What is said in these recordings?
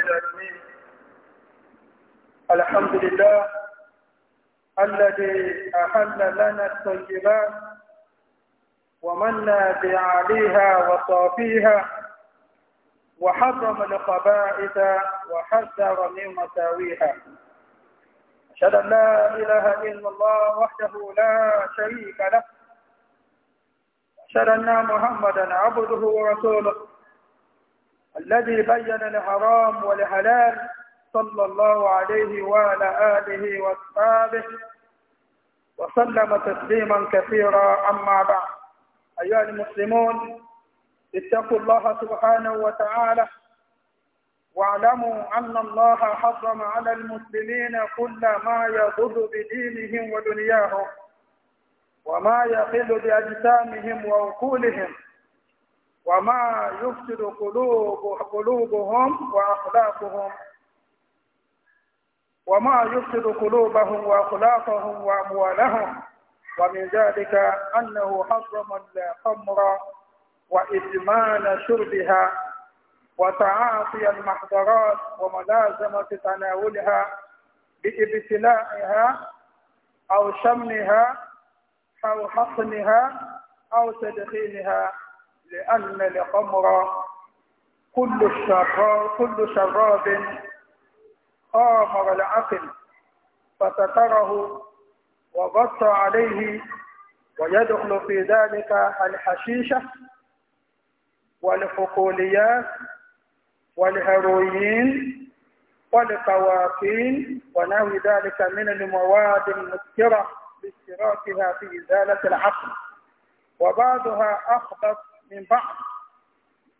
العالمين الحمد لله الذي أحل لنا الطيبات ومنى بعليها وصافيها وحرم الخبائث وحذر من مساويها أشهد أن لا إله إلا الله وحده لا شريك له أشهد أن محمدا عبده ورسوله الذي بين الحرام والحلال صلى الله عليه وعلى آله وأصحابه وسلم تسليما كثيرا أما بعد أيها المسلمون اتقوا الله سبحانه وتعالى واعلموا أن الله حرم على المسلمين كل ما يضر بدينهم ودنياهم وما يقل بأجسامهم وعقولهم وما يفسد قلوب قلوبهم وأخلاقهم وما يفسد قلوبهم وأخلاقهم وأموالهم ومن ذلك أنه حرم الخمر وإدمان شربها وتعاطي المحضرات وملازمة تناولها بابتلائها أو شمها أو حقنها أو تدخينها لأن الخمر كل شراب كل شراب آمر العقل فستره وبص عليه ويدخل في ذلك الحشيشة والحقوليات والهروين والقواقين ونوي ذلك من المواد المسكرة باشتراكها في إزالة العقل وبعضها أخبط من بعض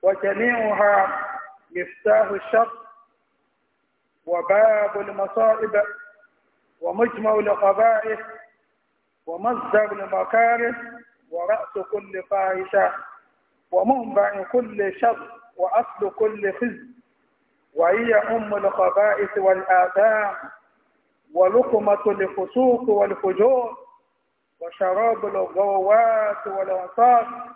وجميعها مفتاح الشر وباب المصائب ومجمع القبائح ومصدر المكاره ورأس كل فاحشة ومنبع كل شر وأصل كل خزي وهي أم القبائح والآثام ولقمة الفسوق والفجور وشراب الغوات والأنصار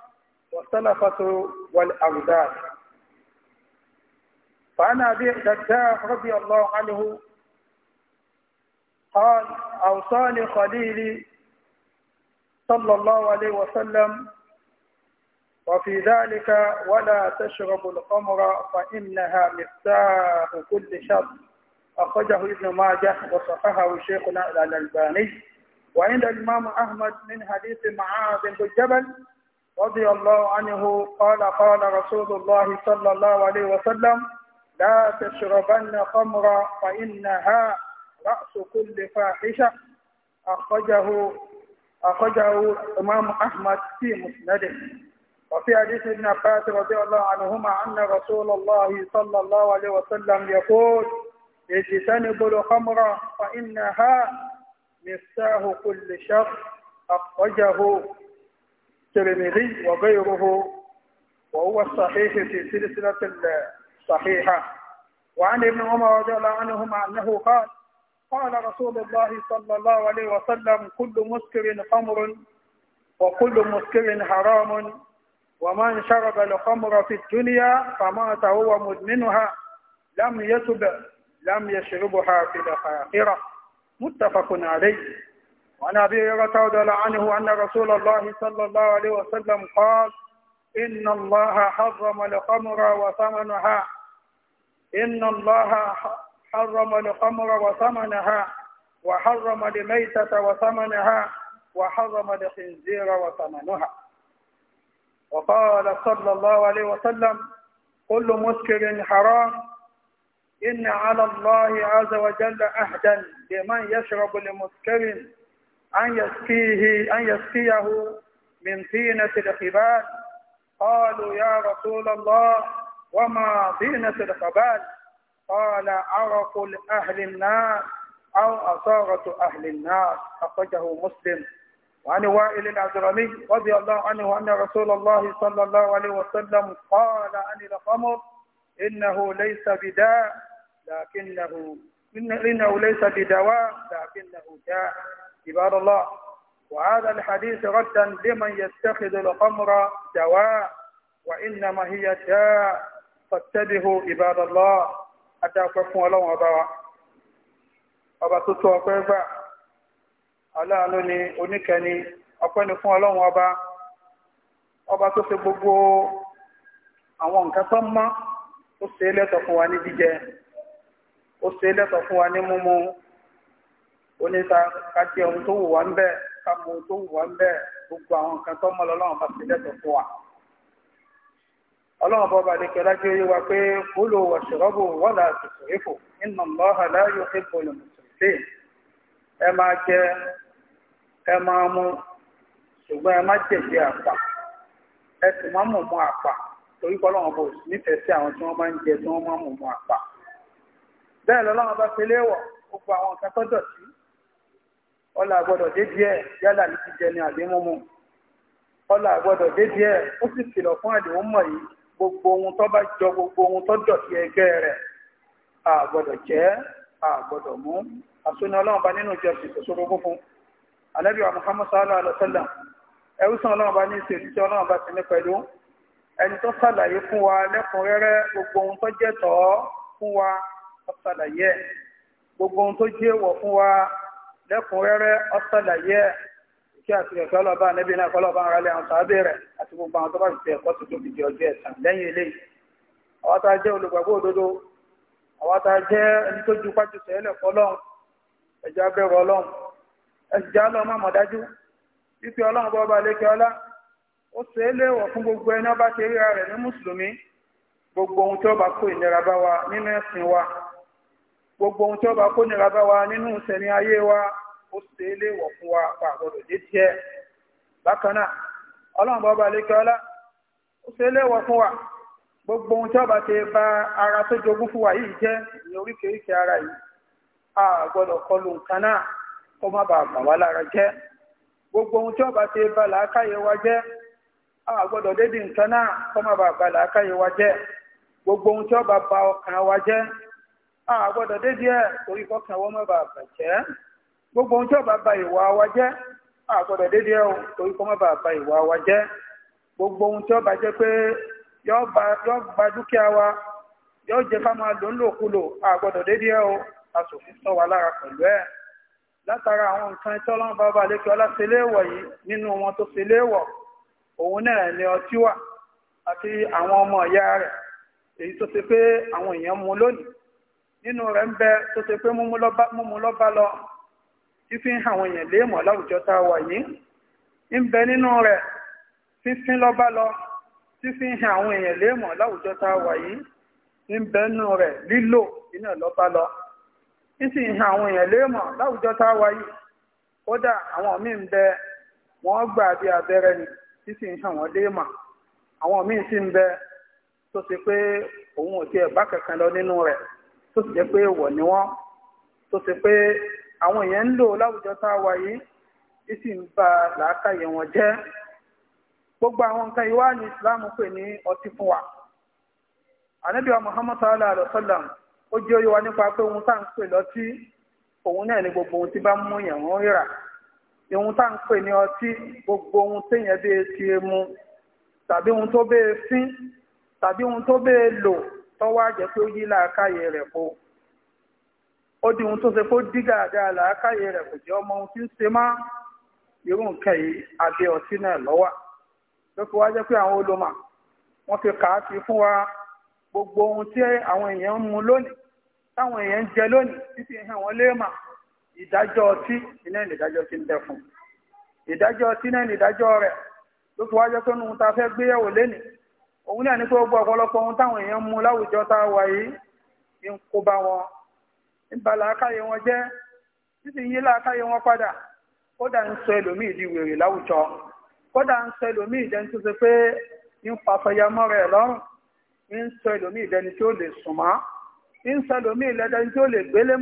والسلفة والأوداد فأنا أبي الدجاج رضي الله عنه قال أوصاني خليلي صلى الله عليه وسلم وفي ذلك ولا تشرب الخمر فإنها مفتاح كل شر أخرجه ابن ماجه وصححه شيخنا الألباني وعند الإمام أحمد من حديث معاذ بن جبل رضي الله عنه قال قال رسول الله صلى الله عليه وسلم لا تشربن خمرا فإنها رأس كل فاحشة أخرجه أخرجه الإمام أحمد في مسنده وفي حديث ابن عباس رضي الله عنهما أن رسول الله صلى الله عليه وسلم يقول اجتنبوا الخمر فإنها مفتاح كل شر أخرجه الترمذي وغيره وهو الصحيح في سلسلة الصحيحة وعن ابن عمر رضي الله عنهما أنه قال قال رسول الله صلى الله عليه وسلم كل مسكر خمر وكل مسكر حرام ومن شرب الخمر في الدنيا فمات هو مدمنها لم يتب لم يشربها في الآخرة متفق عليه وعن أبي هريرة رضي الله أن رسول الله صلى الله عليه وسلم قال إن الله حرم الخمر وثمنها إن الله حرم الخمر وثمنها وحرم الميتة وثمنها وحرم الخنزير وثمنها وقال صلى الله عليه وسلم كل مسكر حرام إن على الله عز وجل أهدا لمن يشرب لمسكر أن يسقيه أن يسقيه من طينة الخبال قالوا يا رسول الله وما طينة الخبال قال عرق أهل النار أو أصارة أهل النار أخرجه مسلم وعن وائل العزرمي رضي الله عنه أن رسول الله صلى الله عليه وسلم قال عن الخمر إنه ليس بداء لكنه إنه ليس بدواء لكنه داء عباد الله وهذا الحديث ردا لمن يتخذ الخمر دواء وإنما هي داء فاتبهوا عباد الله أتاكم ولو أبوا ọba tó tó ọpẹ́ gbà aláàánú ni oníkẹni ọpẹ́ ni fún Ọlọ́run ọba ọba tó fi gbogbo àwọn nǹkan tó mọ́ ó ṣe é lẹ́tọ̀ fún wa ní jíjẹ ó ṣe é lẹ́tọ̀ fún wa ní mímu ó ní ohun tó wù wá ń bẹ ká ohun tó wù wá ń bẹ gbogbo àwọn nǹkan tó mọ lọ́wọ́ bá ti lẹ́tọ̀ọ́ fún wa. ọlọ́run bọ́ba lè kẹ́lá jẹ́ yé wa pé kulu washrabu wala tusrifu inna Allaha la yuhibbul musrifin ẹ máa jẹ ẹ máa mu ṣùgbọ́n ẹ má jẹ̀jẹ̀ àpà ẹ sì má mọ̀ mọ́ àpà torí pé ọlọ́run bò nífẹ̀ẹ́ sí àwọn tí wọ́n máa ń jẹ tí wọ́n má mọ̀ mọ́ àpà bẹ́ẹ̀ lọ́lọ́run bá fi léwọ̀ gbogbo àwọn nǹkan tó dọ̀tí ọlà àgbọ́dọ̀ dédí ẹ̀ yálà ní ti jẹ ní àbí mímu ọlà àgbọ́dọ̀ dédí ẹ̀ ó sì kìlọ̀ fún àdéhùn mọ̀ yìí gbogbo ohun tó bá jọ gbogbo ohun tó dọ̀tí ẹgbẹ́ rẹ̀ àgbọ́dọ̀ jẹ́ àgbọ́dọ̀ mú àsúná ọlọ́run bá nínú ìjọsìn kò sóró fúnfún ànábì wa Muhammad sallallahu alaihi wa sallam ẹrú sàn ọlọ́run bá ní ìṣe ìṣiṣẹ́ ọlọ́run bá ti ní pẹ̀lú ẹni tó ṣàlàyé fún wa lẹ́kùnrẹ́rẹ́ gbogbo ohun tó jẹ́ tọ́ fún wa ó ṣàlàyé gbogbo ohun tó jẹ́ wọ̀ fún wa lẹ́kùnrẹ́rẹ́ ọ̀sàlàyé kí àti ẹ̀kọ́ ọlọ́ba níbi náà kọ́lọ́ba rálẹ̀ àwọn sàábẹ̀ àti gbogbo àwọn tó ti ẹ̀kọ́ tuntun ti di ọjọ́ ẹ̀san lẹ́yìn ilé àwa tá a jẹ́ olùgbàgbọ́ òdodo tá a jẹ́ ẹni tó ju sẹ́lẹ̀ fún gbogbo ẹni ọba ṣe ríra gbogbo ohun tí ó bá gbogbo ohun tí ó ó ṣe é léèwọ̀ fún wa pa àgbọ̀dọ̀ dé tiẹ̀ bákan náà ọlọ́run bọ́ba lékè ọlá ó gbogbo ohun tí ọba ti ara tó jogún fún wa yìí jẹ́ ní oríkèéríkèé ara yìí a kọlu nǹkan náà kó má bàa gbogbo ohun tí ọba ti ba làákàyè wa jẹ́ dédì nǹkan náà kó má bàa làákàyè wa gbogbo ohun tí ọba ba ọkàn wa jẹ́ dédì ẹ̀ torí gbogbo ohun tí ó bá ba ìwà wa jẹ́ àgbọ̀dọ̀ dédé ẹ̀ torí kọ́ má bàa ba ìwà wa jẹ́ gbogbo ohun tí ó bá jẹ́ pé yọ́ ba dúkìá wa yọ́ jẹ́ ká máa lò ń lòkulò àgbọ̀dọ̀ dédé ẹ̀ o asòfin sọ wa lára pẹ̀lú ẹ̀ látara àwọn nǹkan tí ọlọ́run bá bá lékè ọlá ṣe léèwọ̀ yìí nínú wọn tó ṣe léèwọ̀ òun náà ni ọtí wà àti àwọn ọmọ ìyá rẹ̀ èyí tó ṣe pé àwọn èèyàn mú lónìí nínú rẹ̀ ń bẹ tó ṣe pé múmu lọ́ba lọ fífi ń àwọn èèyàn léèmọ̀ láwùjọ tá a wà yìí ń bẹ nínú rẹ̀ fífí lọ́bá lọ fífi ń àwọn èèyàn léèmọ̀ láwùjọ tá a wà yìí ń bẹ nínú rẹ̀ lílò iná lọ ń sì àwọn èèyàn láwùjọ tá a wà yìí kódà àwọn míì ń bẹ wọ́n gbà bí abẹ́rẹ́ ni tí sì ń hàn wọ́n àwọn míì sì ń bẹ tó ṣe pé òun ò tiẹ̀ bá kankan lọ nínú rẹ̀ tó ni wọ́n tó ṣe pé àwọn èèyàn ń lò láwùjọ tá a wà yìí tí sì ń ba làákàyè wọn jẹ́ gbogbo àwọn nǹkan yìí wá ní islam pè ní ọtí fún wa ànábì wa muhammad sallallahu alaihi wa sallam ó jẹ́ oyè wa nípa pé ohun tá à ń pè lọ́tí òun náà ni gbogbo ohun tí bá mú yàn ń rírà ohun tá à ń pè ní ọtí gbogbo ohun téèyàn bẹ́ẹ̀ ti mu tàbí ohun tó bẹ́ẹ̀ fín tàbí ohun tó bẹ́ẹ̀ lò tọ́wọ́ àjẹ́ pé ó yí làákàyè rẹ̀ po ó di ohun tó ṣe kó dí dáadáa làákàyè rẹ̀ kò jẹ́ ọmọ ohun tí ń ṣe má irú nǹkan yìí abẹ́ ọtí náà lọ́wà lókè wá jẹ́ pé àwọn olùmọ̀ wọ́n fi kà á sí fún wa gbogbo ohun tí àwọn èèyàn ń mu lónìí táwọn èèyàn ń jẹ lónìí títí hàn wọ́n léèmà ìdájọ́ ọtí iná ìdájọ́ ti ń bẹ fún ìdájọ́ ọtí náà ìdájọ́ rẹ̀ lókè wá jẹ́ pé ohun tá a fẹ́ gbéyàwó lénìí òun náà ní pé gbogbo ọ̀pọ̀lọpọ̀ ohun táwọn èèyàn mu láwùjọ tá a wà yìí ń kó bá wọn ìbà akáyé wọn jẹ́ títí yí akáyé wọn padà kódà ń sọ ẹlòmíì di wèrè láwùjọ kódà ń sọ ẹlòmíì dẹni tó ṣe pé ń pa fẹyàmọ́ rẹ̀ lọ́rùn ń sọ ẹlòmíì dẹni tó lè sùnmọ́ ń sọ ẹlòmíì tó lè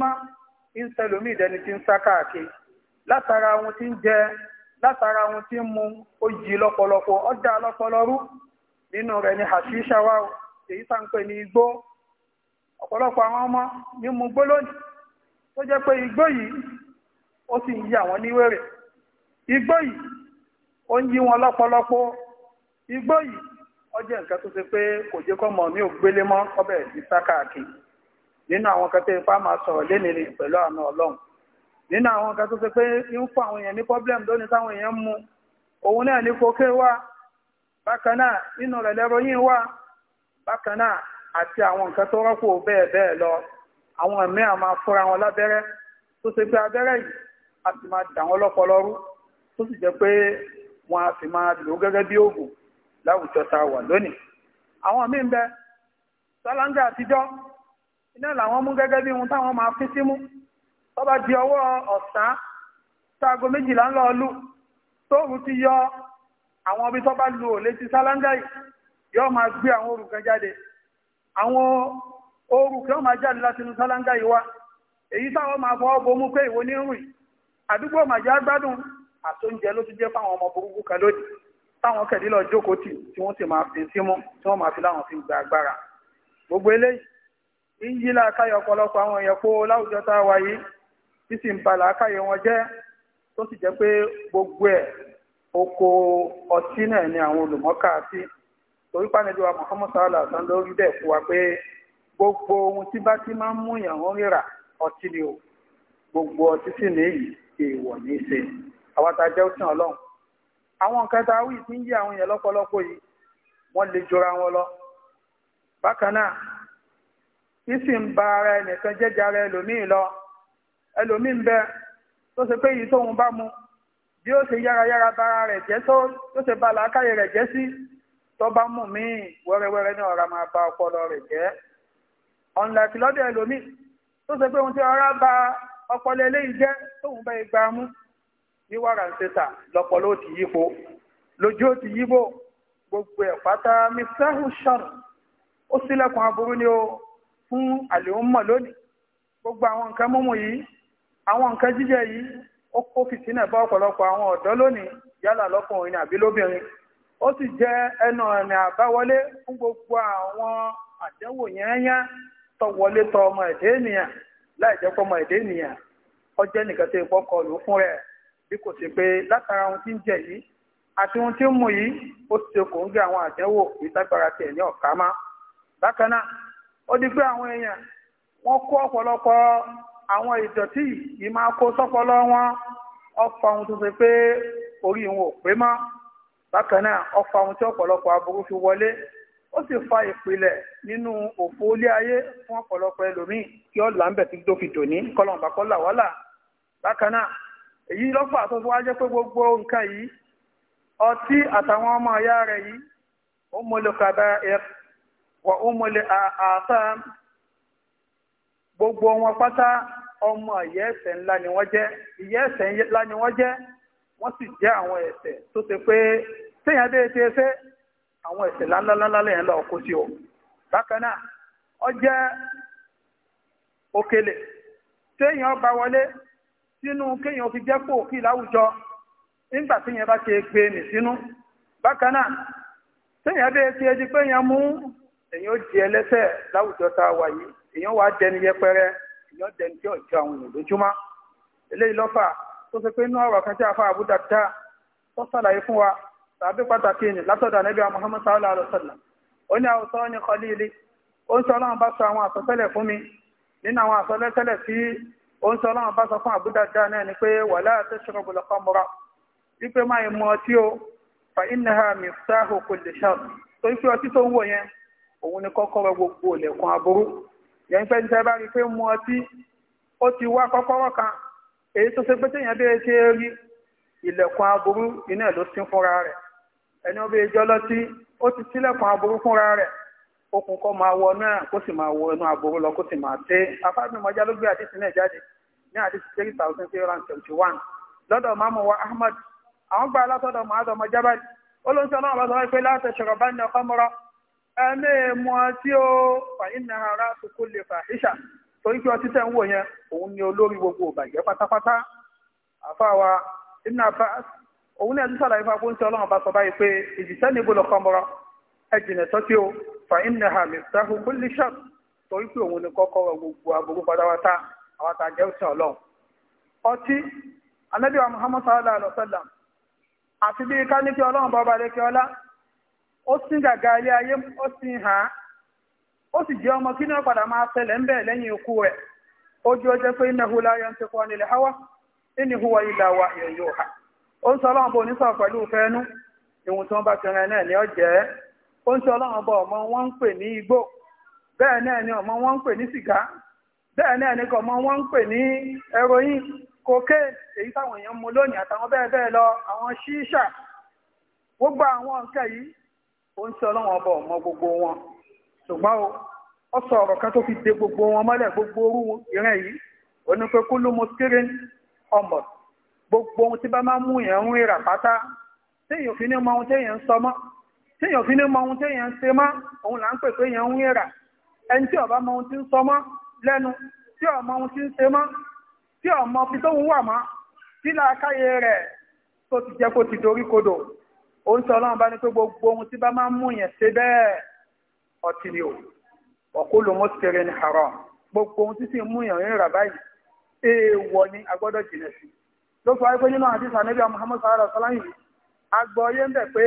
mu ó yí ni èyí tá ọ̀pọ̀lọpọ̀ àwọn ọmọ ní mu gbó lónìí tó jẹ́ pé igbó yìí ó sì ń yí àwọn níwèrè igbó yìí ó ń yí wọn lọ́pọ̀lọpọ̀ igbó yìí ó jẹ́ nǹkan tó ṣe pé kò jẹ́ mọ̀ ò gbélé mọ́ ọbẹ̀ ti sá nínú àwọn kan tó ni pẹ̀lú àna ọlọ́run nínú àwọn kan tó ṣe pé ń fún àwọn èèyàn ní pọ́blẹ́mù àti àwọn nǹkan tó rọ́pò bẹ́ẹ̀ bẹ́ẹ̀ lọ àwọn ẹ̀mí àmà fúnra wọn lábẹ́rẹ́ tó ṣe pé abẹ́rẹ́ yìí a sì máa dà wọ́n lọ́pọlọ́rú tó sì jẹ́ pé wọn a sì máa lò gẹ́gẹ́ bí oògùn láwùjọ tá a wà lónìí àwọn míì ń bẹ sálángà àtijọ́ iná làwọn mú gẹ́gẹ́ bí ohun táwọn máa fi símú tó di ọwọ́ ọ̀sán méjìlá tóòrù ti yọ lu òlé ti sálángà yìí yóò máa gbé àwọn àwọn oòrùn kí wọ́n máa jáde láti inú sálángá ìwá èyí táwọn máa fọ́ bomú pé ìwò ní rìn àdúgbò màjá gbádùn àtóúnjẹ ló tún jẹ́ fáwọn ọmọ burúkú kan lónìí táwọn kẹ̀dí lọ jókòó tì tí wọ́n sì máa fi símú tí wọ́n máa fi láwọn fi gba agbára gbogbo eléyìí ń yí làákàyè ọ̀pọ̀lọpọ̀ àwọn èèyàn pó láwùjọ tá a wà tí sì ń ba làákàyè wọn jẹ́ tó sì jẹ́ pé gbogbo ẹ̀ oko ọtí náà ni àwọn olùmọ́kà sí torí pàdánù wa Muhammad sallallahu alaihi wa sallam lórí bẹ́ẹ̀ fún wa pé gbogbo ohun tí bá ti máa ń mú yàn ríra ọtí ni o gbogbo ọtí sì nìyí èèwọ̀ ní í ṣe àwa tá a jẹ́ òsìn ọlọ́run àwọn nǹkan tá a wí ti ń yí àwọn èèyàn lọ́pọ̀lọpọ̀ yìí wọ́n lè jọra wọn lọ bákan náà ìsì ń ba ara ẹnìkan jẹ́jà ara ẹlòmíì lọ ẹlòmíì bẹ tó ṣe pé èyí tóun bá mu bí ó ṣe yárayára ba ara rẹ̀ jẹ́ tó ṣe ba làákàyè rẹ̀ jẹ́ sí tó bá mú mi wẹ́rẹ́wẹ́rẹ́ ní ọ̀rá máa bá ọpọlọ rẹ̀ jẹ́ ọ̀nà àti lọ́dọ̀ ẹlòmí tó ṣe pé ohun tí ọ̀rá ba ọpọlọ eléyìí jẹ́ tóun bá igba mú ní wàrà ń ṣètà lọ́pọlọ ó ti yípo lójú ó ti yíbò gbogbo ẹ̀ pátá misahu shan ó sílẹ̀kùn aburú ni ó fún àlèhùn mọ̀ lónìí gbogbo àwọn nǹkan mímu yìí àwọn nǹkan jíjẹ yìí ó kó fìtínà bá ọ̀pọ̀lọpọ̀ àwọn ọ̀dọ́ lónìí yálà lọ́kùnrin àbí lóbìnrin ó sì je ẹnu ọ̀nà àbáwọlé fún gbogbo àwọn àdánwò yẹ́nyá tó wọlé tọ ọmọ ẹ̀dẹ́ ènìyàn láì jẹ́ ọmọ ẹ̀dẹ́ ènìyàn ó jẹ́ nìkan tó ìpọ́ kọlù fún rẹ̀ bí kò sí pé látara ohun tí ń jẹ yìí àti ohun tí ń yìí ó ti ṣe kò àwọn àdánwò ìtagbára tiẹ̀ ní ọ̀ká má bákan náà ó di pé àwọn èèyàn wọ́n kó ọ̀pọ̀lọpọ̀ àwọn ìdọ̀tí yìí máa wọn ọ̀pọ̀ ohun tó ṣe pé orí wọn ò pé bákan náà ọfà ohun tí wọle aburú fi wọlé ó sì fa ìpìlẹ nínú òfò ilé ayé fún ọpọlọpọ ẹlòmíì kí ọ là ń bẹ̀ tí tó fi dòní kọlọ̀ǹbà kọlà wàhálà èyí gbogbo nǹkan yìí ọtí àtàwọn ọmọ yìí ó gbogbo wọn pátá ọmọ ńlá ni wọ́n sì jẹ́ àwọn ẹ̀sẹ̀ tó ṣe pé téèyàn dé ṣe fẹ́ àwọn ẹ̀sẹ̀ lálálálá lẹ́yìn kó sí o bákan ọ jẹ́ òkèlè téèyàn bá wọlé sínú kéèyàn fi jẹ́ pòkì láwùjọ nígbà téèyàn bá ṣe gbé sínú bákan náà téèyàn ṣe di pé èèyàn mú èèyàn tó ṣe ọrụ inú ọ̀rọ̀ kan tí àfa àbúdá dá tó ṣàlàyé fún wa tàbí pàtàkì ni látọ̀dọ̀ ànábì Muhammad sallallahu alaihi wasallam ó ní àwòsọ ní khalili ó ń sọ ọlọ́run bá sọ àwọn àsọtẹ́lẹ̀ fún mi nínú àwọn àsọtẹ́lẹ̀ tí ó ń sọ ọlọ́run bá sọ fún àbúdá dá náà ni pé wala tashrabul khamra wípé máa mú ọtí o fa tó ń fi ọtí ni kọ́kọ́rọ́ gbogbo yẹn pẹ́ bá rí pé mú ti wá kọ́kọ́rọ́ èyí tó ṣe pé téèyàn bẹ́ẹ̀ ṣe rí ilẹ̀kùn aburú iná ló sín fúnra rẹ̀ ẹni ó lọ́tí ó ti sílẹ̀kùn aburú fúnra rẹ̀ okùn máa wọ náà kó sì máa wọ inú aburú lọ kó sì máa tẹ́ afábímọjá ló àdìsí jáde ní àdìsí three thousand three hundred and seventy one Ahmad àwọn gba alátọ́dọ̀ mọ́ádọ́ ọmọ jábàlì náà torí kí ọtí tẹ̀ ń wò yẹn òun ni olórí gbogbo ìbàjẹ́ pátápátá àfáwa ibn abbas òun náà ti sàlàyé fún akóńtì ọlọ́run bá sọ báyìí pé ìjìṣẹ́ níbo lọ kọ́mọ́rọ́ ẹ jìnà sọ́tí o ha miftahu kulli sharr torí pé òun ni kọ́kọ́rọ́ gbogbo aburú pátápátá àwọn àtàjẹ́ muhammad sallallahu ó sì jẹ́ ọmọ kí ní ó padà máa ṣẹlẹ̀ ń bẹ̀ lẹ́yìn ikú rẹ̀ ó jẹ́ ó jẹ́ hawa in huwa ilawa wahyun ha ó ń sọ ọlọ́run bó pẹlu pẹ̀lú fẹ́nu ìwọ̀n tí wọ́n bá fẹ́ràn náà ni ó jẹ́ ó ń sọ ọmọ wọn ń pè ní igbó ni ọmọ wọn ń pè ní sìgá bẹ́ẹ̀ náà ọmọ wọn ń pè ní èyí táwọn èèyàn lónìí àtàwọn bẹ́ẹ̀ lọ àwọn ṣíṣà gbogbo àwọn nǹkan yìí ó ń sọ ọmọ gbogbo wọn ṣùgbọ́n o ọ sọ ọ̀rọ̀ kan tó fi de gbogbo wọn mọ́lẹ̀ gbogbo orú ìran yìí ó ní pé kó ló mo kéré ọmọ gbogbo ohun tí bá máa mú yẹn ń rírà pátá téèyàn fi ní mọ ohun téèyàn ń sọ mọ́ téèyàn fi ní mọ ohun téèyàn ń ṣe mọ́ òun là ń pè pé yẹn ń rírà ẹni tí ó bá mọ ohun tí ń sọ mọ́ lẹ́nu tí ó mọ ohun tí ń ṣe mọ́ tí ó fi tóun wà mọ́ tí làákàyè rẹ̀ tó ti jẹ́ kó ti dorí kodò ó sọ ọlọ́run bá ní pé gbogbo ohun tí bá máa mú yẹn ṣe bẹ́ẹ̀ ọtí ni o ọ̀kúlù mọ́sítẹ́rẹ́ ni haram gbogbo ohun títí mú ń rà báyìí èèwọ̀ ni a gbọ́dọ̀ jìnà sí ló sọ wípé nínú àti Muhammad sallallahu alaihi yìí yé ń bẹ̀ pé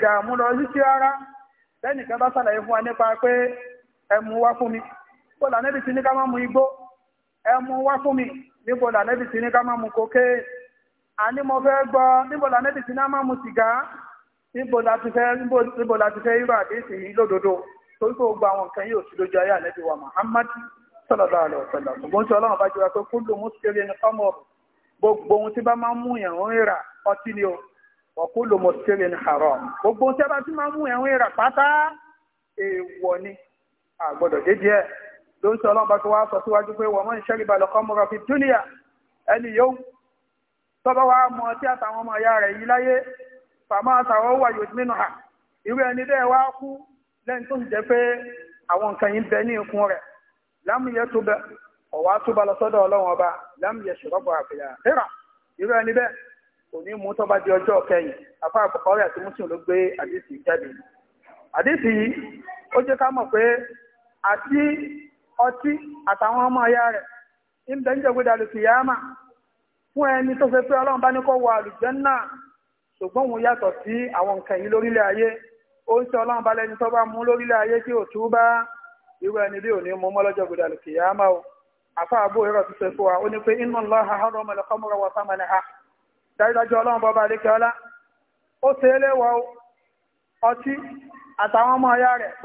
dààmú lọ sí bá sàlàyé fún wa nípa pé fún mi lànẹ́bí ti ní ká má mu igbó ẹmu wá fún mi níbo lànẹ́bí ti ní ká má mu àní mo fẹ́ gbọ́ níbo lànẹ́bí ti ní ká má mu sìgá níbo la ti fẹ́ níbo la ti fẹ́ irú àdéhùn yìí lódodo torí pé gbogbo àwọn nǹkan yóò sí lójú ayé àlẹ́bí wa Muhammad sallallahu alaihi wasallam ṣùgbọ́n tí ọlọ́run bá jẹ́ wa pé kullu muskirin khamr gbogbo ohun tí bá máa ń mú yàn ń rà ọtí ni o wa kullu muskirin haram gbogbo ohun tí bá ti máa ń mú yàn ń rà pátá èèwọ̀ ni àgbọ̀dọ̀ dédé ẹ̀ ló ń sọ ọlọ́run bá tó wá sọ síwájú pé wa man shariba al-khamra fi dunya ẹni yóò tọ́ba wa mọ ọtí àtàwọn ọmọ ìyá rẹ̀ yìí láyé fàmọ́ àtàwọn wà yóò irú ẹni bẹ́ẹ̀ wá kú lẹ́yìn tó ń jẹ pé àwọn nǹkan yìí bẹ ní ikùn rẹ̀ lámúyẹ tó bẹ ọ̀wá tó bá lọ ọba lámúyẹ ṣòrọ́bù àfihàn rírà irú ẹni di kẹyìn àti mùsùlùmí ló gbé àdìsí jáde àdìsí yìí ó ká pé àti ọtí àtàwọn ọmọ ń bẹ ń gbé fún ẹni tó ṣùgbọ́n òun yàtọ̀ sí àwọn nǹkan yìí lórílẹ̀ ayé ó ń ṣe ọlọ́run bá lẹ́ni tó bá mú lórílẹ̀ ayé tí ò bá irú ẹni bí òní mú mọ́lọ́jọ́ gbọdọ̀ o àfa àbò ìrọ̀ ti ṣe fún wa ó ní pé inna Allaha harrama al-khamra wa ha dájúdájú ọlọ́run bọ́ba àdékẹ́ ọlá ó ṣe é léwọ̀ ọtí àtàwọn ọmọ ni ó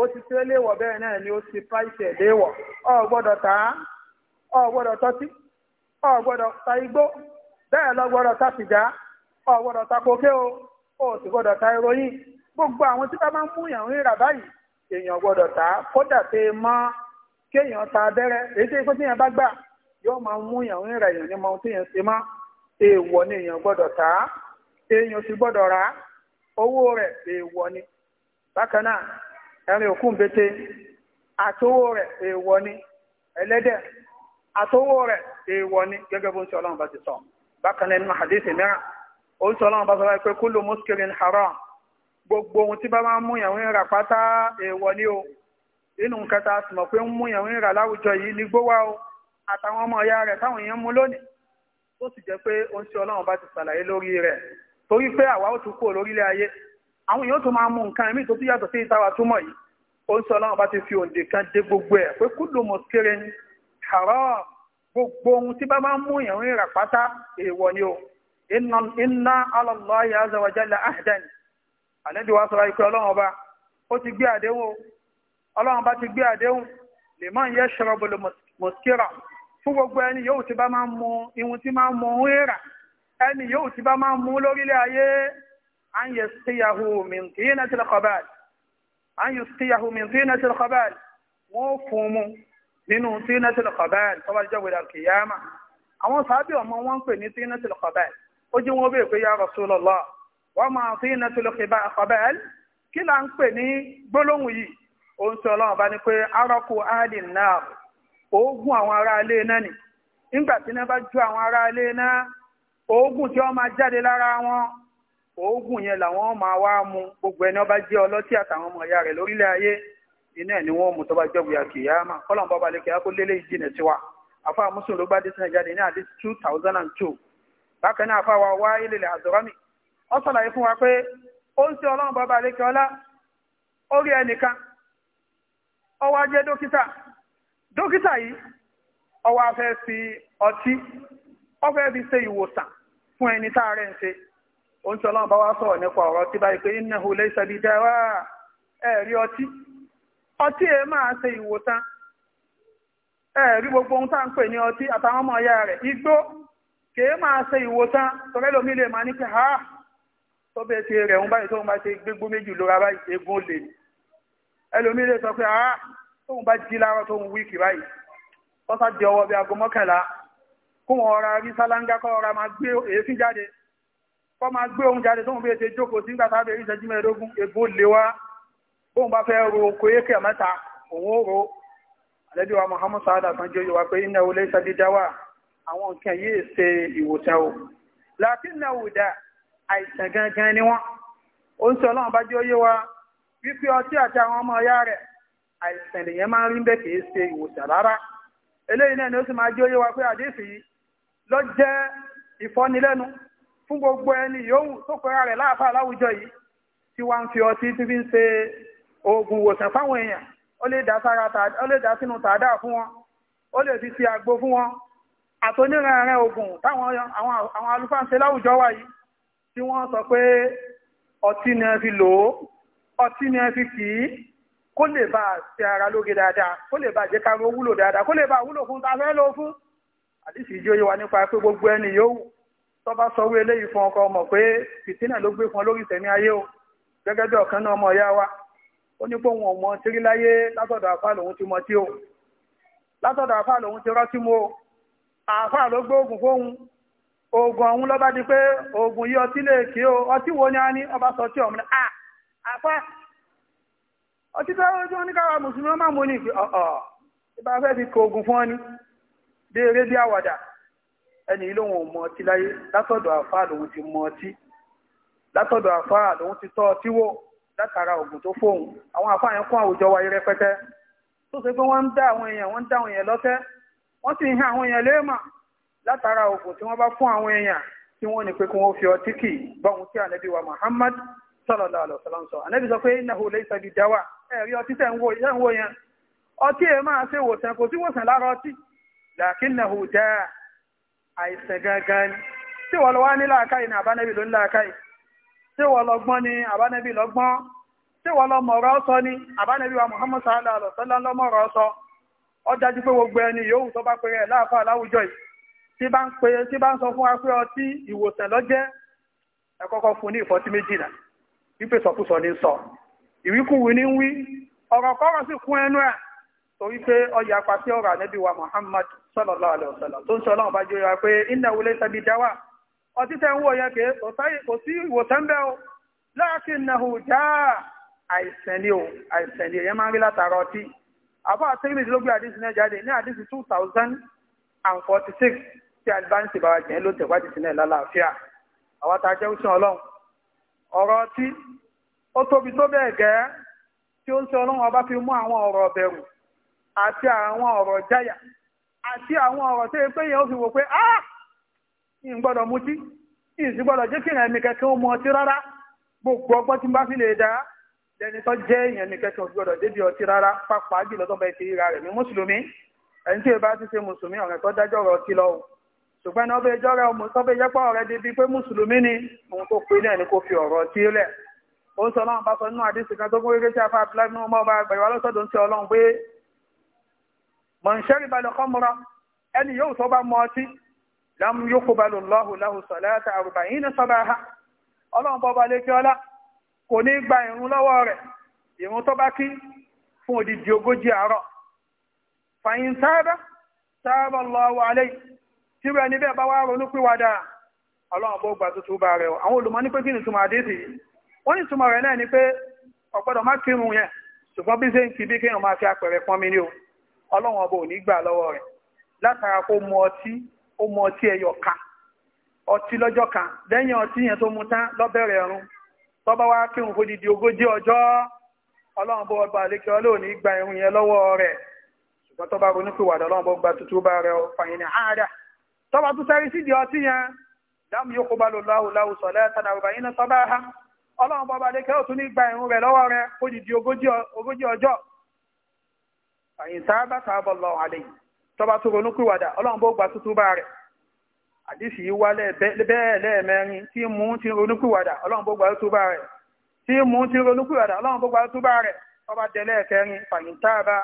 ti ọ ọ tọ́tí ọ ọ̀ gbọ́dọ̀ o si sì ta ìròyìn gbogbo àwọn tí bá máa ń mú èèyàn rírà báyìí èèyàn gbọ́dọ̀ ta kódà pé mọ́ kéèyàn ta abẹ́rẹ́ èyí tó yẹ kó bá gbà yóò máa mú èèyàn rírà èèyàn ní ni èèyàn ta èèyàn sì gbọdọ ra, owó ni bákan náà òkú àtowó ni àtowó ni bó ń bá ti sọ oṣù ọlọ́run bá sọ́ra pé kúlù muskirin haram gbogbo ohun tí bá máa ń mú ìyàwó ń rà pátá èèwọ̀ ni o inú nǹkan tá a sì mọ̀ pé ń mú ìyàwó ń rà láwùjọ yìí ní gbówá o àtàwọn ọmọ ìyá rẹ̀ táwọn èèyàn mú lónìí tó sì jẹ́ pé oṣù ọlọ́run bá ti ṣàlàyé lórí rẹ̀ torí pé àwa ó tún kú lórílẹ̀ ayé àwọn èèyàn tó máa mú nǹkan ẹ̀mí tó tún yàtọ̀ sí ìtawà túmọ̀ yìí oṣù ọlọ́run bá ti fi iná alọ́lọ́ yà á zọwọ́ jẹ́lẹ̀ ahdan ànábì wa sọ̀rọ̀ ìpè ọlọ́run ọba ó ti gbé àdéhùn ọlọ́run ọba ti gbé àdéhùn lè máa ń yẹ ṣọ́rọ̀bọ̀lù mọ̀síkírà fún gbogbo ẹni yóò ti bá máa ń mu ihun tí máa mu ń rà ẹni yóò ti bá máa mu lórílẹ̀ ayé à ń yẹ síyàhù ti lọ́kọ̀báàlì à ń yẹ síyàhù ti lọ́kọ̀báàlì wọ́n fún mu nínú tínà ti lọ́kọ̀báàlì tọ́wọ́ ìjọba ìdàkìyàmà àwọn sábẹ́ ọmọ wọn pè ní tínà ti lọ́kọ̀báàlì ó jí wọn bèèrè pé ya Rasulullah wa ma tinatul khabal kí là ń pè ní gbólóhùn yìí òun tí ọlọ́run bá ní pé araku ahli náà oògùn àwọn ará ilé náà nì nígbà tí náà bá ju àwọn ará ilé náà oògùn tí wọ́n máa jáde lára wọn oògùn yẹn làwọn máa wá mu gbogbo ẹni ọba jẹ́ ọlọ́tí àtàwọn ọmọ ìyá rẹ̀ lórílẹ̀ ayé iná ẹ̀ ni wọ́n mú kìyà kó tiwa ló dé ní àdé two thousand and two. bákan náà fáwọn wá ilẹ̀ àdúrámì ọ sọ̀làyé fún wa pé ó ń ṣe ọlọ́run bàbá àlékè ọlá ó rí ẹnìkan ó jẹ́ dókítà dókítà yìí fẹ́ fi ọtí ọfẹ́ fi ṣe ìwòsàn fún ẹni tá rẹ̀ ń ṣe ó ń ọlọ́run sọ̀rọ̀ nípa ọ̀rọ̀ tí báyìí pé ẹ̀rí ọtí ọtí ẹ máa ṣe ìwòsàn ẹ̀rí gbogbo ohun tá ń pè ní ọtí àtàwọn ọmọ kèé máa ṣe ìwòsàn tọ́lẹ́lòmí lè máa ní kí ha tó bẹ́ẹ̀ ṣe rẹ̀ ń báyìí tóun bá ṣe gbégbó méjì lóra báyìí egun lè ní ẹlòmí lè sọ pé ha tóun bá jí láàárọ̀ tóun wíìkì báyìí tọ́sà di ọwọ́ bí aago mọ́kànlá kó wọn ọ̀ra rí sálángá kọ́ ọ̀ra máa gbé èéfín jáde kọ́ máa gbé ohun jáde tóun bẹ́ẹ̀ ṣe jókòó sí nígbà tábẹ́ rí ìṣẹ́jú mẹ́ẹ̀ẹ́dógún egun lè wá bóun bá fẹ́ ro oko éèkè àwọn nǹkan yìí ṣe ìwòsàn o lakin náà wò dá àìsàn gangan ni wọ́n ó ń sọ ọlọ́run bá jẹ́ ó yé wa wípé ọtí àti àwọn ọmọ ọyá rẹ̀ àìsàn lèyẹn máa ń rí bẹ́ẹ̀ kìí ṣe ìwòsàn rárá eléyìí náà ni ó sì máa jẹ́ ó yé wa pé àdéhùn yìí ló jẹ́ ìfọ́nilẹ́nu fún gbogbo ẹni yòówù tó pera rẹ̀ láàfáà láwùjọ yìí tí wọ́n ń fi ọtí tí fi ń ṣe oògùn ìwòsàn fáwọn èèyàn ó lè dá sínú tàdá fún wọn ó lè fi ṣe àgbo fún wọn àtọ́nírànrẹ́ ogun táwọn àwọn àlùfáà ń ṣe láwùjọ wa yìí tí wọ́n sọ pé ọtí ni ẹ fi lò ó ọtí ni ẹ fi kì í kó lè bá ṣe ara lóge dáadáa kó lè bá jẹ́ ká ló wúlò dáadáa kó lè bá wúlò fún ta fẹ́ fún àdìsí ìjọ yìí wà nípa pé gbogbo ẹni yòówù tó bá sọ wí eléyìí fún ọkọ ọmọ pé fìtínà ló gbé fún ọ lórí tẹ̀mí ayé o gẹ́gẹ́ bí ọ̀kan náà ọmọ ìyá wa ó ní pé òun ò mọ tírí láyé látọ̀dọ̀ àfa lòun ti mọ tí o látọ̀dọ̀ àfa lòun ti rọ́tí mu o àáfàá ló gbóògùn fóun oògùn ọ̀hún lọ́ba di pé oògùn yí ọtí lè kí o ọtí wo ni a ní ọba sọ tí ọ̀mùnà à àáfàá ọtí tó ojú oníkàwá mùsùlùmí ọmọ àmọ́ ní ọ̀ọ̀ ìbá fẹ́ fi kọ oògùn fún ọ ni bí eré bí àwàdà ẹni yìí lòun ò mọ ọtí láyé látọ̀dọ̀ àáfàá lòun ti mọ ọtí látọ̀dọ̀ àáfàá lòun ti tọ́ ọtí wò látara oògùn tó fóun àwọn àáfàá yẹn kún àwùjọ wa yẹrẹ pẹtẹ tó ṣe pé wọ́n ń dá àwọn èèyàn wọ́n ń dá àwọn èèyàn lọ́tẹ̀ wọ́n sì ń hẹ́ àwọn èèyàn léèmà látara ògùn tí wọ́n bá fún àwọn èèyàn tí wọ́n ní pé kí wọ́n fi ọtí kì bọ́hun tí ànábì wa Muhammad sallallahu alaihi sọ ànábì sọ pé innahu laysa bi dawa ẹ̀rí ọtí tẹ̀ ń yẹn ọtí ẹ̀ máa ṣe wòsàn kò sí wòsàn lára ọtí àìsàn gangan tí ọ dájú pé gbogbo ẹni yòówù tó bá pèrè ẹ̀ láwùjọ yìí tí bá ń tí bá ń sọ fún wa pé ọtí ìwòsàn lọ́jẹ́ ẹ fún ní méjì wípé sọkúsọ ní sọ ìwíkúwí ní wí ọ̀rọ̀ kọ́rọ̀ sì kún ẹnu ẹ̀ torí pé ọyà pàṣẹ wa Muhammad sọ bá pé iná wọlé ọtí o láàkín náà ò já àìsàn àbá àtẹ́gbèsí ló gbé àdísì jáde ní àdísì two thousand and forty six ti alibanisi bá jẹ́ ló tẹ̀wá àdísì lálàáfíà àwọn tá a jẹ́ òṣìṣẹ́ ọlọ́run ọ̀rọ̀ sọ ọlọ́run ọba fi mú àwọn ọ̀rọ̀ bẹ̀rù àti àwọn ọ̀rọ̀ jáyà àti àwọn ọ̀rọ̀ tó yẹ pé yẹn ó fi wò pé ah! gbọ́dọ̀ mutí ẹ̀mí ó ọtí rárá fi lè dáa ẹni tó jẹ́ èèyàn ní kẹ́kẹ́ ògbọ́dọ̀ débi ọtí rárá pápá jùlọ tó bá ti ríra rẹ̀ ní mùsùlùmí ẹni tí ìbá ti ṣe mùsùlùmí ọ̀rẹ́ tó dájọ́ rẹ̀ ọtí lọ ṣùgbọ́n ní ọbẹ̀ ìjọ́ rẹ̀ ọmọ sọ́bẹ̀ yẹ́pọ̀ rẹ̀ débi pé mùsùlùmí ni òun tó pe náà ni kò fi ọ̀rọ̀ ọtí lẹ̀ ó sọ ọlọ́run bá sọ nínú àdìsí kan tó gún régé tí a fa abdullahi nínú ọmọ ọba àgbàyẹ̀wò alọ́sọ̀dọ̀ ń tẹ ọlọ́run pé mọ̀nsẹ́rì balẹ̀ kọ́mọ́ra ẹni yóò sọ bá mọ ọtí lam yóò kó balẹ̀ lọ́hùn láhùn sọ̀lẹ́ àti àrùbáyìn ní sọ́bà ha ọlọ́run bọ́ balẹ̀ kí ọlá kò ní gba ìrun lọ́wọ́ rẹ̀ ìrun tó bá kí fún òdìdí ogójì àárọ̀ fàyín tábà tábà Allahu alayhi tí rẹ̀ níbẹ̀ bá wá ronú pìwàdà ọlọ́run bó gba tuntun bá rẹ̀ àwọn olùmọ̀ ní pé kí ni túmọ̀ àdéhì wọ́n ní rẹ̀ náà ni pé má yẹn ṣùgbọ́n bí bí kéèyàn máa fi apẹ̀rẹ̀ mi ní o ọlọ́run ọba ò ní gbà lọ́wọ́ rẹ̀ látara kó mu ọtí ó mu ọtí ẹyọ kan ọtí lọ́jọ́ tọba wá kírun fódìdí ogójì ọjọ ọlọ́run bó ọba àlékè ọlọ́run ní gba irun yẹn lọ́wọ́ rẹ̀ ṣùgbọ́n tọ́ba ronú pé wàdà bó gba tutù bá rẹ̀ fàyìn ní àádá tọ́ba tún ọtí yẹn dáàmú yóò kó bá lò láwù láwù tàdà ha ọba àlékè ní gba ogójì fàyìn sábà sábà lọ tún ronú pé wàdà bó gba bá àdìsí yìí wá bẹ́ẹ̀ lẹ́ẹ̀mẹrin tí mú ti ronúkúwàdà ọlọ́run gbogbo àtúbà rẹ̀ tí mú ti ronúkúwàdà ọlọ́run gbogbo àtúbà rẹ̀ ọba dẹ̀lẹ́ kẹrin fàyíntàbà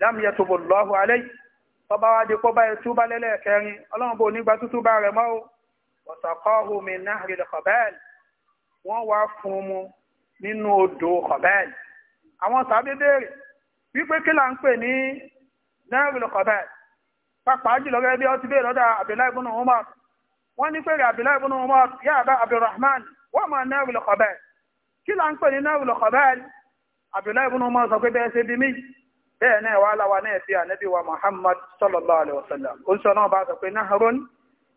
lámìyẹtòbò lọ́hùn alẹ́ ọba wa di kó bá ẹtúbà lẹ́lẹ́ kẹrin ọlọ́run bò nígbà tútúbà rẹ̀ mọ́ ọ̀sàkọ́ omi náà rí kọ̀bẹ́ẹ̀l wọ́n wá fún mu nínú odò kọ̀bẹ́ẹ̀l àwọn sàbí béèrè wípé kí là ń pè ní náà rí kọ̀bẹ́ẹ̀l pàápàá jùlọ gẹ́gẹ́ bí ọtí bẹ́ẹ̀ lọ́dà àbẹ̀láìgbọ́n náà wọ́n wọ́n ní pèrè Abdullahi ibn Umar yá àbá Abdurrahman wọ́n máa náwó lọ́kọ̀bẹ́ kí là ń pè ní náwó lọ́kọ̀bẹ́ Abdullahi ibn Umar sọ pé bẹ́ẹ̀ ṣe bí mí bẹ́ẹ̀ náà wà láwa náà fi ànábì wa Muhammad sallallahu alayhi wa sallam ó sọ náà bá sọ pé nahrun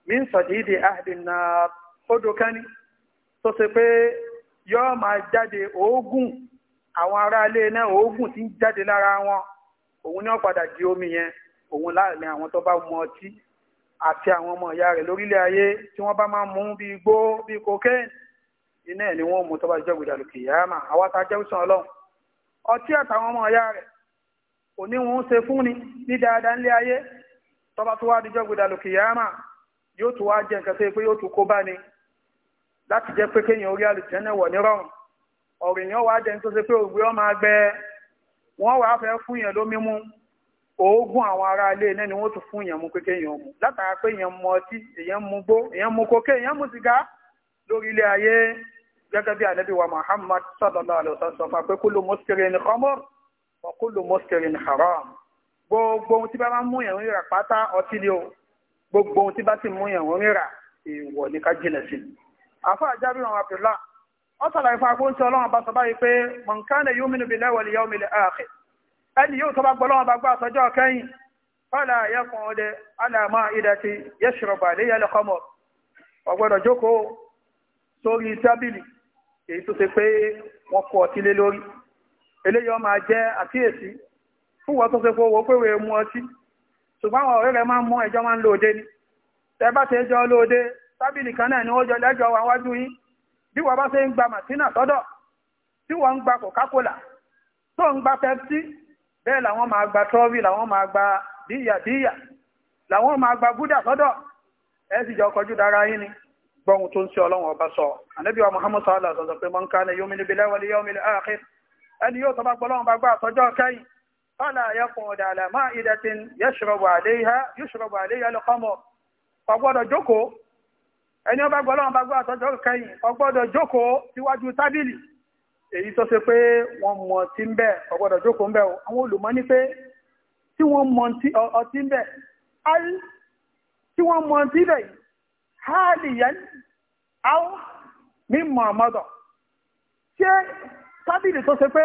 min sadidi ahdi nar odò náà àti àwọn ọmọ ìyá rẹ̀ lórílẹ̀ ayé tí wọn bá máa mú bí igbó bí cocaine iná ẹ̀ ni wọn mú tọ́ba ìjọba ìdàlù kìyàmà àwa ta jẹ́ ọmọ ìyá wọn ṣe fún ni ní dáadáa nílé ayé tọ́ba tó wá díjọba ìdàlù kìyàmà yóò tún wá jẹ nǹkan ni láti pé kéèyàn orí pé ọmọ Wọn wàá fún yẹn oògùn àwọn ará ilé iná ni wọ́n tún fún èèyàn mú kéke èèyàn mú látara pé èèyàn mu ọtí èèyàn mu gbó èèyàn mu kókè èèyàn mu sìgá lórí ilé ayé gẹ́gẹ́ bí ànábì wa Muhammad sallallahu alaihi wasallam sọ fún pé kullu muskirin khamr wa kullu muskirin haram gbogbo ohun tí bá máa mú èèyàn rírà pátá ọtí ni o gbogbo ohun tí bá ti mú èèyàn rírà èèwọ̀ ní ká jìnà sí àfọ àjábí wọn Abdullah ọ̀sán láì fún agbóhùn tí ọlọ́run bá sọ báyìí pé man kana yu'minu billahi wal yawmil akhir ẹni yóò tọ́ bá gbọ́ lọ́wọ́ bá gbọ́ àtọ́jọ́ kẹ́yìn fọ́lá ayẹ́kùn ọdẹ alàmà ìdàtí yẹ́ṣùrọ̀bà léyẹ́lẹ̀ kọmọ̀ ọ̀gbọ́dọ̀ jókòó sórí tábìlì èyí tó ṣe pé wọ́n kọ ọtí lé lórí eléyọ́ máa jẹ́ àkíyèsí fún wọ́n tó ṣe pé owó pèwé mu ọtí ṣùgbọ́n àwọn ọ̀rẹ́ rẹ̀ máa ń mú ẹjọ́ máa ń lóde ni tẹ bá ṣe jọ lóde tábìlì kan náà ni wọ́n jọ lẹ́jọ́ wa wájú yín bí wọ́n bá ṣe ń gba màtínà sọ́dọ̀ tí wọ́n ń gba kòkákòlà tó ń gba pepsi bẹ́ẹ̀ làwọn máa gba trọ́bì làwọn máa gba díyàdíyà làwọn máa gba gúdà sọ́dọ̀ ẹ sì jọ kọjú dára yín ni gbọ́hun tó ń ṣe ọlọ́run ọba sọ ànábì wa muhammad sallallahu alaihi wa sallam pé man kana yu'minu billahi wal yawmil akhir ẹni yóò tọ́ bá gbọ́ lọ́wọ́n bá gbà àtọ́jọ́ kẹ́yìn fala yaq'ud ala ma'idatin yashrabu 'alayha yushrabu 'alayha al èyí tó ṣe pé wọ́n mọ ọtí ń bẹ̀ ọ̀gbọ́dọ̀ jókòó ń bẹ̀ o àwọn olùmọ̀ ní pé tí wọ́n mọ ọtí ń bẹ̀ áyí tí wọ́n mọ ọtí bẹ̀ yìí háàlì yẹn áwọ̀ ní mọ̀ọ́mọ́dọ̀ ṣé tábìlì tó ṣe pé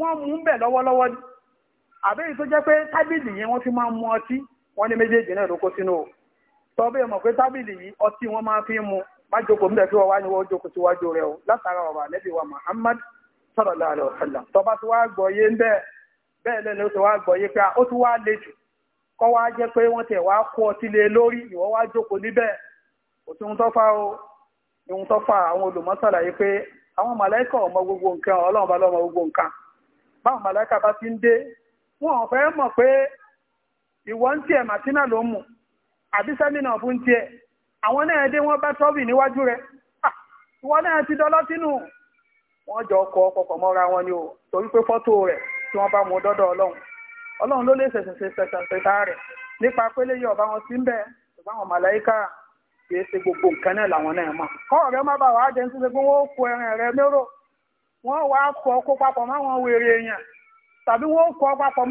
wọ́n mú ń bẹ̀ lọ́wọ́lọ́wọ́ ni àbẹ́yìí tó jẹ́ pé tábìlì yẹn wọ́n fi máa mú ọtí wọ́n ní méjèèjì náà ló kó sínú o tọ́bẹ̀ mọ̀ pé tábìlì yìí ọtí wọ́n máa fi mú má jókòó ń bẹ̀ fi wọ́n wá ní wọ́n jókòó síwájú rẹ̀ o látara ọ̀rọ̀ àlẹ́bí wa Muhammad sallallahu alaihi wasallam tọba tí wàá gbọ́yé ń bẹ́ẹ̀ bẹ́ẹ̀ lẹ́nu ó ti wàá gbọ́yé pé ah, ó ti wàá le jù kọ́ wàá jẹ́ pé wọ́n tẹ̀ wàá kú ọtí lé lórí ìwọ́ wàá jókòó níbẹ̀ òtún tó fa o ìhun tó fa àwọn olùmọ́sàlàyé pé àwọn màláìkà ọmọ gbogbo nǹkan ọlọ́run bá lọ́mọ gbogbo nǹkan báwọn màláìkà bá ti ń dé wọn ò fẹ́ mọ̀ pé ìwọ ń tiẹ̀ màtínà ló mú àbí sẹ́mínà fún tiẹ̀ àwọn náà dé wọ́n bá tọ́bì níwájú rẹ̀ ah, ìwọ náà ti dọ́lọ́tínú wọ́n jọ kọ ọkọ̀ mọ́ra wọn ni o torí pé fọ́tò rẹ̀ tí wọ́n bá mú dọ́dọ̀ ọlọ́run ọlọ́run ló lè ṣẹ̀ṣẹ̀ ṣẹ̀ṣẹ̀ ṣẹ̀ṣẹ̀ rẹ̀ nípa pélé yìí ọba wọn sí ń bẹ̀ ṣùgbọ́n gbogbo nǹkan làwọn náà mọ̀ má bà pé wọ́n kó ẹran kọ papọ̀ wèrè èèyàn tàbí wọ́n kọ papọ̀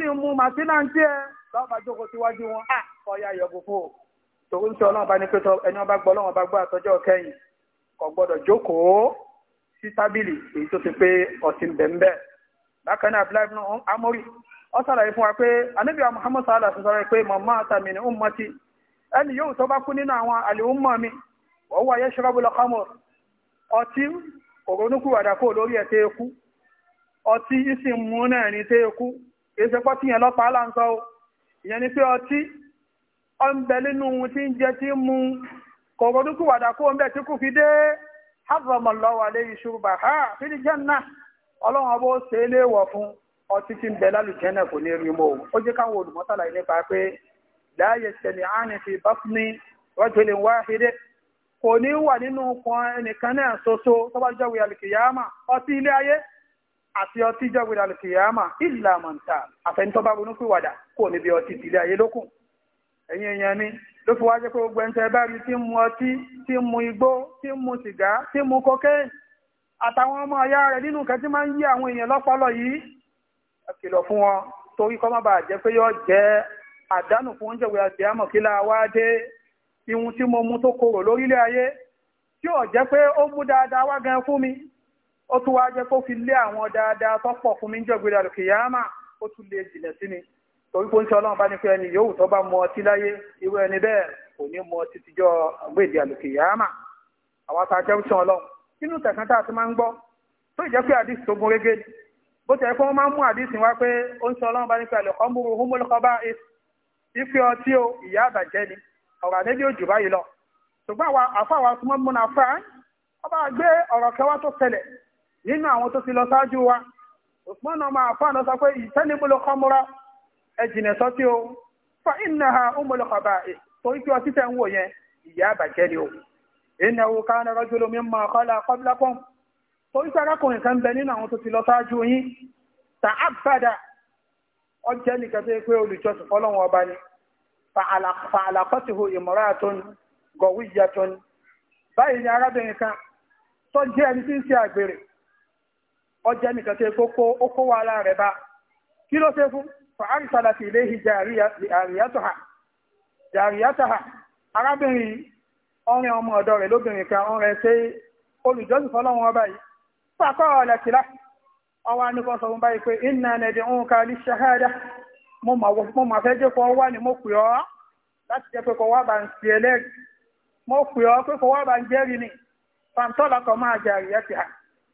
tó lọ́ba jókòó síwájú wọn ah. ọya yọ̀bù fún o tòun tí ọlọ́run bá ní pé ẹni wọn bá gbọ́ ọlọ́run bá gbọ́ àtọ́jọ́ kẹ́yìn kò gbọ́dọ̀ jókòó sí tábìlì èyí tó ti pé ọ̀sìn bẹ̀m̀bẹ̀ bákan náà abdullahi ibn amori ó sàlàyé fún wa pé anabi muhammad sallallahu alaihi wasallam pé màmá àtàmì ní ummati ẹni yóò tó bá kú nínú àwọn àlè mi wọ́n ọtí òrónúkú lórí ẹ̀ tẹ́ ọtí mú náà ìyẹn ni pé ọtí ọ ń bẹ nínú ohun tí ń jẹ tí ń mu kò rọdún wàdà kó ń bẹ tí kò fi dé hazamallahu alayhi shurbaha fil janna ọlọ́run ọbọ̀ ṣe é léèwọ̀ fún ọtí tí ń bẹ lálùjẹ́nà kò ní rí ó káwọn nípa pé láàyè àánì fi kò ní wà nínú kan ẹnìkan náà ṣoṣo tó bá ọtí àti ọtí jọ́gbìn alìkìyàmà ìlà mọ̀ǹtà àfẹ́ntọ́ bá ronú pìwàdà kò níbi ọtí ìdílé ayé lókun ẹ̀yin èèyàn ni ló fi wá jẹ́ pé gbogbo ẹ̀ńtẹ́ bá rí tí ń mu ọtí tí ń mu igbó tí ń mu sìgá tí ń mu kokéènì àtàwọn ọmọ ọ̀yá rẹ̀ nínú nǹkan tí máa ń yí àwọn èèyàn lọ́pọlọ yìí kìlọ̀ fún wọn torí kọ́ má jẹ́ pé yóò jẹ́ àdánù fún oúnjẹ wẹ̀ àti àmọ̀ kí láà ihun tí mo mu tó korò lórílẹ̀ ayé tí jẹ́ pé ó mú dáadáa wá gan fún mi ó tún wáá jẹ́ kó fi lé àwọn dáadáa tó pọ̀ fún mi ń ó tún lè ni torí pé ń sọ ọlọ́run bá ní pé ẹni yòówù tó bá mu ọtí láyé irú ẹni bẹ́ẹ̀ kò ní mu ọtí tíjọ́ àgbèdè àwọn ọlọ́run nínú tẹ̀sán tá a ti máa ń gbọ́ tó ìjẹ́ pé àdìsí tó gún régé ni bó ti ẹ̀ máa ń mú wá pé ó ń sọ ọlọ́run bá ní pé o ìyá àbàjẹ́ ni ọ̀rọ̀ nínú àwọn tó ti lọ sáájú wa òpin ọmọ àfáàná sọ pé ìtẹ́nibúlò kọmúra ẹ̀jìnà sọtí o fa ìnáha ọmọlẹ kọba torí pé ọtí tẹ̀ ń wò yẹn ìyá àbàjẹ́ ni o ìnà òkà ní rọ́jú lomi mọ ọ̀kọ́lá kọ́bílápọ̀ torí pé arákùnrin kan bẹ nínú àwọn tó ti lọ sáájú yín ta àbàdà ọjẹ́ nìkan tó yẹ pé olùjọsìn ọba ni fa àlàkọ́sìhò ìmọ̀ràn àtọ́ni gọ̀wíyàtọ́ni báyìí ni arábìnrin kan tó jẹ́ ẹni tí ń ṣe ọjẹ́ nìkan tó kókó ó kó wa ara rẹ̀ bá kí ló ṣe fún fàárì sàlàtì ilé ìjà àríyátàhà arábìnrin ọrẹ ọmọ ọ̀dọ̀ rẹ̀ lóbìnrin kan ọrẹ ọba yìí pàkọ́ ọ̀lẹ̀kìlá ọwọ́ anìkan sọ fún báyìí pé iná nẹ̀dẹ̀ ń ka ní ṣahádá mo mà fẹ́ jẹ́ kọ́ wà ní mo pè ọ́ láti jẹ́ pé bá ń ẹlẹ́rìí mo pè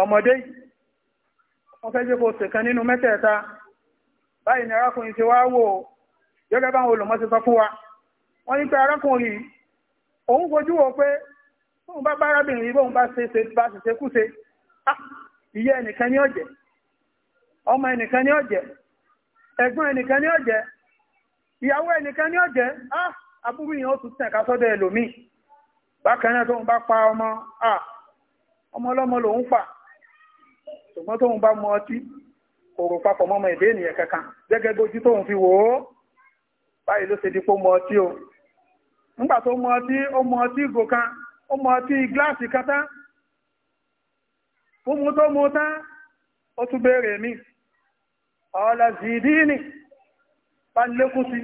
ọmọdé wọ́n fẹ́ jẹ́ kó ṣe nínú mẹ́tẹ̀ẹ̀ta báyìí ni arákùnrin ti wá wò gẹ́gẹ́ báwọn sọ fún wa wọ́n ní pé arákùnrin òun fojú wò pé bóun bá bárábìnrin yìí bóun bá ṣe ṣe bá ṣe ṣe kúṣe ah, ìyá ẹnìkan ní ọ̀jẹ̀ ọmọ ẹnìkan ní ọ̀jẹ̀ ẹ̀gbọ́n ẹnìkan ní ọ̀jẹ̀ ìyàwó ẹnìkan ní ọ̀jẹ̀ ah, ó tún sọ́dọ̀ ẹlòmíì bákan náà tóun bá pa ọmọ ah, ọmọ ọlọ́mọ lòun pa. ṣùgbọ́n tóun bá mu ọtí kò rò papọ̀ mọ́mọ ìdé ènìyàn kankan gẹ́gẹ́ bójú tóun fi wò ó báyìí ló ṣe di pé mu ọtí o nígbà tó mu ọtí ó mu ọtí ìgò kan ó mu ọtí gíláàsì kan tán fún mu tó mu tán ó tún béèrè mi ọ̀la zìdíìnì bá lékún sí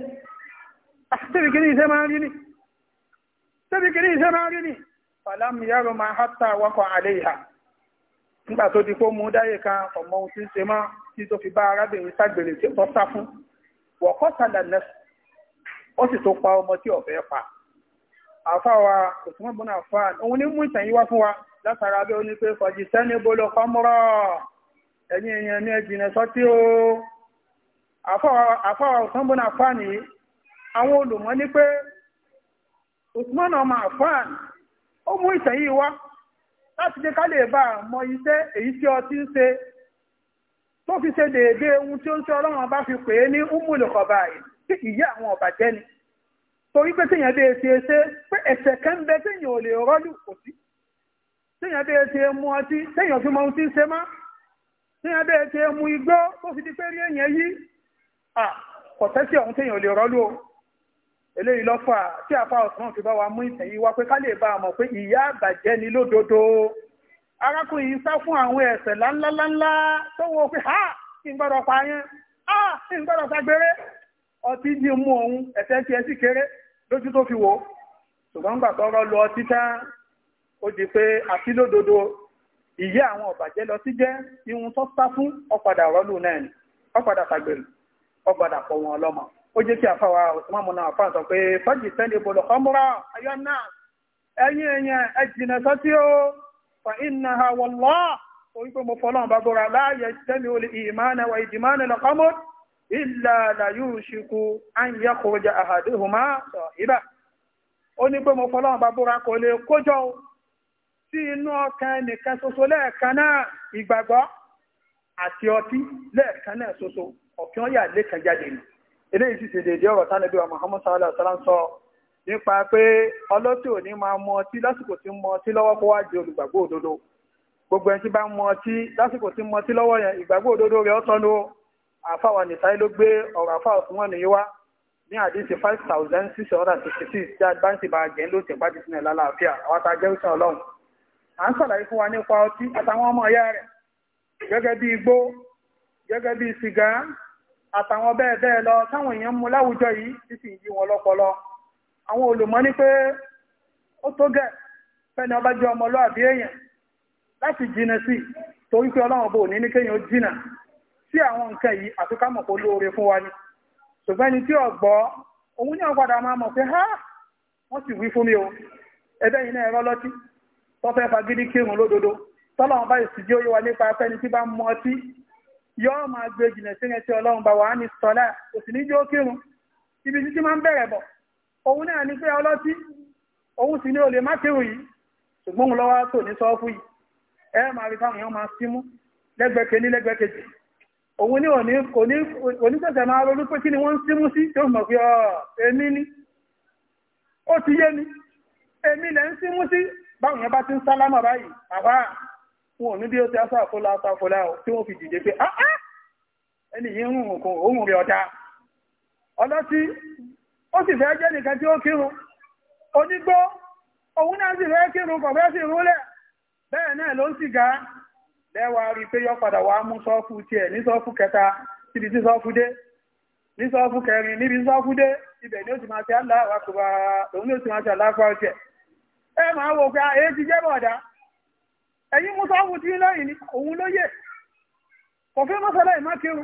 tẹ́bí ah, kìí iṣẹ́ máa rí ní tẹ́bí kìí iṣẹ́ máa rí ní fàlámù yàrá máa hátà wakọ̀ àlẹ́ nígbà tó di kó mú dáyé kan ọmọ ohun tí ń ṣe mọ́ tí tó fi bá arábìnrin ságbèrè tí ó sá fún wọ̀kọ́ sàdà nẹ́sì ó sì tó pa ọmọ tí ọ̀fẹ́ pa àfáwa òsùnmọ́ bọ́nà fan òun ní mú ìtàn yìí wá fún wa látara bí ó pé fọjì sẹ́ni bolo kọ́mọ́rọ́ ẹ̀yìn èèyàn ní ẹ̀jìnà sọ́tí o àfáwa òsùnmọ́ bọ́nà fan yìí àwọn olùmọ̀ ní pé òsùnmọ́ náà máa ó mú ìtàn yìí wá láti jẹ́ ká lè bá mọ iṣẹ́ èyí tí ọtí ń ṣe tó fi ṣe déédéé ohun tí ó ń ṣe ọlọ́run bá fi pè é ní umulukọba tí ìyá àwọn ọ̀bàjẹ́ ni torí pé téèyàn bẹ́ẹ̀ ṣe ṣe pé ẹ̀ṣẹ̀ kan ń bẹ téèyàn ò lè rọ́lù kò sí téèyàn bẹ́ẹ̀ ṣe mu ọtí téèyàn fi mọ ohun tí ń ṣe mọ́ téèyàn bẹ́ẹ̀ ṣe mu igbó tó fi di pé rí èèyàn yí kọ̀tẹ́sí ọ̀hún téèyàn ò lè rọ́lù o eléyìí lọ́fà tí àfa Usman fi bá wa mú ìtàn yìí wá pé ká lè bá a mọ̀ pé ìyá àbàjẹ́ ni lódodo arákùnrin yìí sá fún àwọn ẹ̀ṣẹ̀ láńláńlá tó wo pé ha kí n gbọ́dọ̀ pa yẹn ha kí n gbọ́dọ̀ sagbére ọtí ní mú òun ẹ̀ṣẹ̀ tí ẹ sì kéré lójú tó fi wò ṣùgbọ́n gbà tọrọ lọ ọtí tán ó di pé àti lódodo ìyá àwọn ọ̀bàjẹ́ lọ sí jẹ́ ihun tó sá fún ọ̀padà rọ́lù náà ọ̀padà sagbèrè ọ̀padà pọ̀ wọn ọlọ́mọ ó jẹ́ kí àfàwà Usman mọ̀nà àfàà sọ pé fọ́jì tẹ́lẹ̀ bọ̀lọ̀ khamra ayọ́ náà ẹ̀yìn èèyàn ẹ jìnà sọ́tí ó fa innaha wallahi orí pé mo fọlọ́n bá bọ́ra láàyè tẹ́lẹ̀ olè ìmáàna wa ìdìmáàna lọ khamr illa la yushiku an yakhruja ahaduhuma sahiba ó ní pé mo fọlọ́n bá bọ́ra kò lè kójọ sí inú ọkàn nìkan ṣoṣo lẹ́ẹ̀kan náà ìgbàgbọ́ àti ọtí lẹ́ẹ̀kan náà ṣoṣo ọ̀kí yà lẹ́ẹ̀kan jáde nù ele sì ṣe déédéé ọ̀rọ̀ tánàbí wa Muhammad sallallahu alaihi wasallam sọ nípa pé ọlọ́tí ò ma máa mọ ọtí lásìkò tí ń mọ ọtí lọ́wọ́ kó wá di olùgbàgbọ́ òdodo gbogbo ẹni tí bá ń mu ọtí lásìkò tí ń mu ọtí lọ́wọ́ yẹn ìgbàgbọ́ òdodo wa ló gbé five thousand six hundred sixty six tí bá ló ti sinẹ̀ lálàáfíà àwọn àtàjẹ́ ọlọ́run à ń sàlàyé fún wa nípa ọtí àtàwọn ọmọ rẹ̀ gẹ́gẹ́ igbó gẹ́gẹ́ sìgá àtàwọn bẹ́ẹ̀ bẹ́ẹ̀ lọ táwọn èèyàn mú láwùjọ yìí títí yí wọn lọ́pọlọ àwọn olùmọ̀ ní pé ó tó gẹ̀ fẹ́ni ọba jẹ́ ọmọlúàbí èèyàn láti jìnà sí torí pé ọlọ́run bò ní ní kéèyàn ó jìnà sí àwọn nǹkan yìí àti ni ṣùgbọ́n ẹni tí ọ̀gbọ́ òun ní ọ̀padà máa mọ̀ pé ha wọ́n sì wí fún mi o ẹbẹ́ yìí náà ẹ̀rọ lọ́tí tó fagídí kírun lódodo tọ́lọ́run bá sì jẹ́ òye wa nípa tí yọ ma gbé jìnà sí na tí ọlọ́run bá wà á ní sọ́lá kò ibi títí ma ń bẹ̀rẹ̀ owu na náà ní pé owu si sì ní olè má kírun yìí ṣùgbọ́n ní sọ́ọ́fù yìí ẹ ma rí fáwọn èèyàn òun máa ronú pé kí ni wọ́n ń símú sí tó pé ni ó ti yé mi èmi ń ti ń sálámà wọn ò ní bí ó ti aṣá àfọlá àtàfọlá ò tí wọ́n fi dìde pé áá ah, ah! ẹni yìí ń rùn nǹkan òun rẹ̀ ọ̀dà ọlọ́tí ó sì fẹ́ jẹ́ nìkan tí ó kírun onígbó òun náà sì fẹ́ kírun kọ̀ fẹ́ sì rúlẹ̀ bẹ́ẹ̀ náà ló ń sìgá lẹ́wà rí pé yọ padà wàá mú sọ́ọ̀fù tiẹ̀ ní sọ́ọ̀fù kẹta síbi tí sọ́ọ̀fù dé ní sọ́ọ̀fù kẹrin níbi sọ́ọ̀fù dé ibẹ̀ ni ó ti máa ti aláàwọ̀ àkùbà òun ni ó ti máa ti aláàkùbà ọ̀jẹ̀ ẹ máa wò pé àyè ah, ti jẹ́ bọ̀dá ẹ̀yìn musa wùdí lẹ́yìn ni òun ló yẹ kò fẹ́ mọ́sálà ìmá kéwù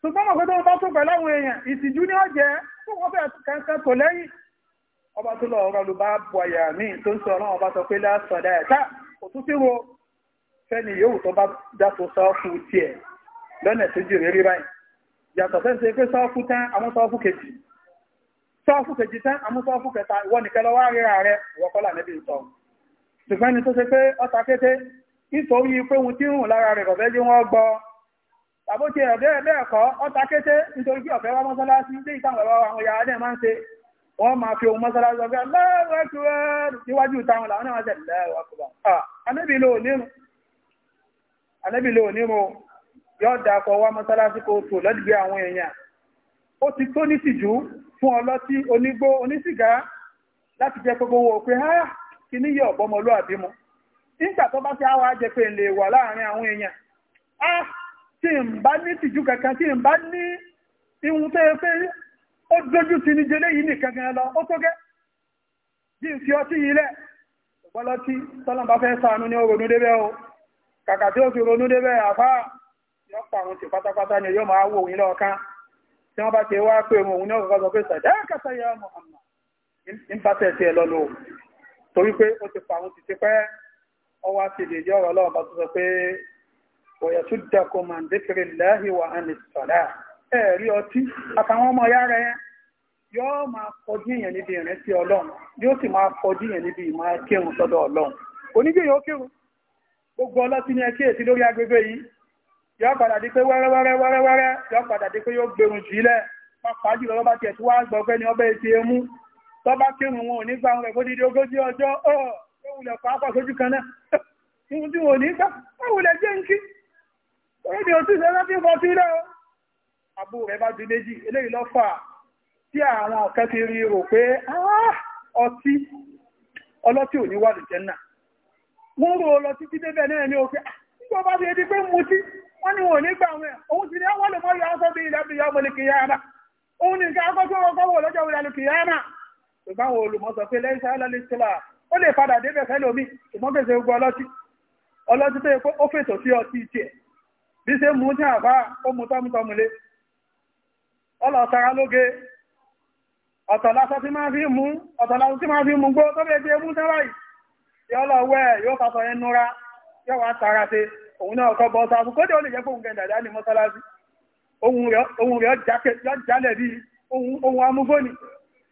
ṣùgbọ́n mọ̀ pé tó bá tó pẹ̀lú àwọn èèyàn ìtìjú ní ọ̀jẹ́ tó wọ́n fẹ́ kẹ́kẹ́ tó lẹ́yìn ọba tó lọ ọ̀rọ̀ ló bá bu àyà mí tó ń sọ ọ̀rọ̀ ọba sọ pé lásọ̀dá ẹ̀ta kò tún sí wo fẹ́ni yòówù tó bá dáko sọ́ọ̀fù tiẹ̀ lọ́nà tó jù rí báyìí yàtọ̀ fẹ́ ṣe pé sọ́ọ̀fù tán àwọn sọ́ọ̀fù kejì sọ́ọ̀fù kejì tán àwọn sọ́ọ̀fù kẹta ìwọ nìkẹ́ lọ́wọ́ àríra ìwọ́kọ́là nẹ́bí sọ́ọ̀fù ṣùgbọ́n ẹni tó ṣe pé ọta kété nítorí pé ohun tí ń rùn lára rẹ̀ kọ̀fẹ́ jí wọ́n gbọ́ tàbótí ẹ̀ bẹ́ẹ̀ bẹ́ẹ̀ kọ́ ọta kété nítorí pé ọ̀fẹ́ wá mọ́sálásí dé ìtàn bàbá àwọn ìyá adé máa ń ṣe wọ́n máa fi ohun mọ́sálásí ọgbẹ́ lẹ́wẹ́kúrẹ́ níwájú táwọn làwọn náà ṣẹ̀ lẹ́wẹ́kúrẹ́ anábì lò nírun anábì lò nírun yóò dàpọ̀ wá mọ́sálásí kò tò lọ́dìgbẹ́ àwọn èèyàn ó ti tó ní tìjú fún ọlọ́tí onígbó onísìgá láti jẹ́ gbogbo owó pé ah kí ní yẹ ọ̀bọ́mọlúàbí mu nígbà tó bá ti àwọn ajẹ́ pé ń lè wà láàrin àwọn èèyàn á tí ń bá ní tìjú kankan tí ń bá ní ihun tó yẹ pé ó dojú ti ní jẹlé yìí nìkan gan lọ ó tó bí n fi ọtí yìí lẹ̀ ọ̀pọ̀lọ́ tí bá fẹ́ ṣàánú ní ronú débẹ̀ o kàkà tí ó fi ronú débẹ̀ àfá yọ pa àwọn pátápátá ni yóò máa wò òun lọ́ọ̀kan tí wọ́n bá ti wá pé òun ní ọ̀gọ́gọ́ pé sàdá kàtà yà Muhammad ń bá tẹ̀ sí ẹ lọ́lọ́ torí pé ó ti pàwọn ti ti pẹ́ ọwá ti lè jẹ́ ọ̀rọ̀ lọ́wọ́ bá tó sọ pé òyà tó dàkọ màá dékèrè lẹ́hìnwá àni ọtí àtàwọn ọmọ ya rẹ̀ yóò máa kọjú níbi irin ọlọ́run yóò sì máa kọjú níbi ìmọ̀ sọ́dọ̀ ọlọ́run oníjì yóò gbogbo ọlọ́tí ní lórí agbègbè yìí yóò padà di pé wẹ́rẹ́wẹ́rẹ́ wẹ́rẹ́wẹ́rẹ́ yóò padà di pé yóò jùlẹ̀ pàápàá jùlọ lọ́ba tiẹ̀ tí wàá gbọ́ tó bá kírun wọn ò ní gbà wọn rẹ̀ fódídé ogójì ọjọ́ ọ̀ ìwùlẹ̀ pàápàá sójú kan náà ìwùn tí wọn ò ní gbà ìwùlẹ̀ jẹ́ ń kí orí ni òtún ìṣẹ́lẹ́ tí fọ́ sílẹ̀ o àbú rẹ̀ bá di méjì eléyìí lọ fà tí àwọn ọ̀kẹ́ ti rí rò pé ah, ọtí ọlọ́tí ò ní wà lè jẹ́nà wọ́n rò lọ títí débẹ̀ náà ní òkè nígbà bá ti di pé mutí wọ́n ní wọn ò ní gbà wọn òun ti ní wọ́n lè mọ́ yọ aṣọ bí ilẹ̀ bí yọ ọmọlẹ́kìyàmà òun ní nǹkan akọ́ṣọ́ ọkọ̀ wọ̀ lọ́jọ́ wọlẹ́kìyàmà ṣùgbọ́n àwọn olùmọ̀ sọ pé lẹ́yìn sáà lọ́lẹ́ sílá ó lè padà débẹ̀ fẹ́ lómi ṣùgbọ́n kèsè gbogbo ọlọ́tí ọlọ́tí tó yẹ pé ó fètò sí ọtí tiẹ̀ bí ṣe mú àbá ó sara lóge ọ̀tọ̀ lásán tí máa fi mú ọ̀tọ̀ lásán tí máa fi mú gbó tó bẹ́ẹ̀ ti mú sára yìí yọ lọ yóò yẹn núra yọ wá ṣe òun náà kọ́ bọ́ sáfù kó dé ó lè jẹ́ ní mọ́sálásí ohun rẹ̀ jálẹ̀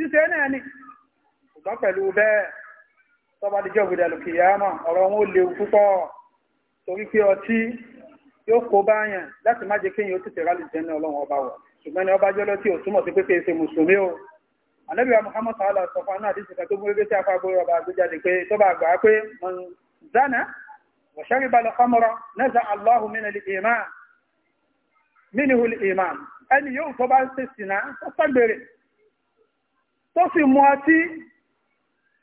ṣíṣe náà ni ṣùgbọ́n pẹ̀lú bẹ́ẹ̀ tọ́ba díjọ́ òbúdà lòkè yàmà ọ̀rọ̀ wọn ó léwu púpọ̀ torí pé ọtí yóò kó báyàn láti má jẹ́ kéèyàn ó tètè rálì jẹ́ ní ọlọ́run ọba wọ̀ ṣùgbọ́n ní ọba jọ́lọ́ tí ò túmọ̀ sí ṣe mùsùlùmí o ànábì wa sọ fún tó ọba àgbéjáde pé pé mọ̀n balẹ̀ nẹ́sà aláhùn mí ẹni yóò bá tó sì mu ọtí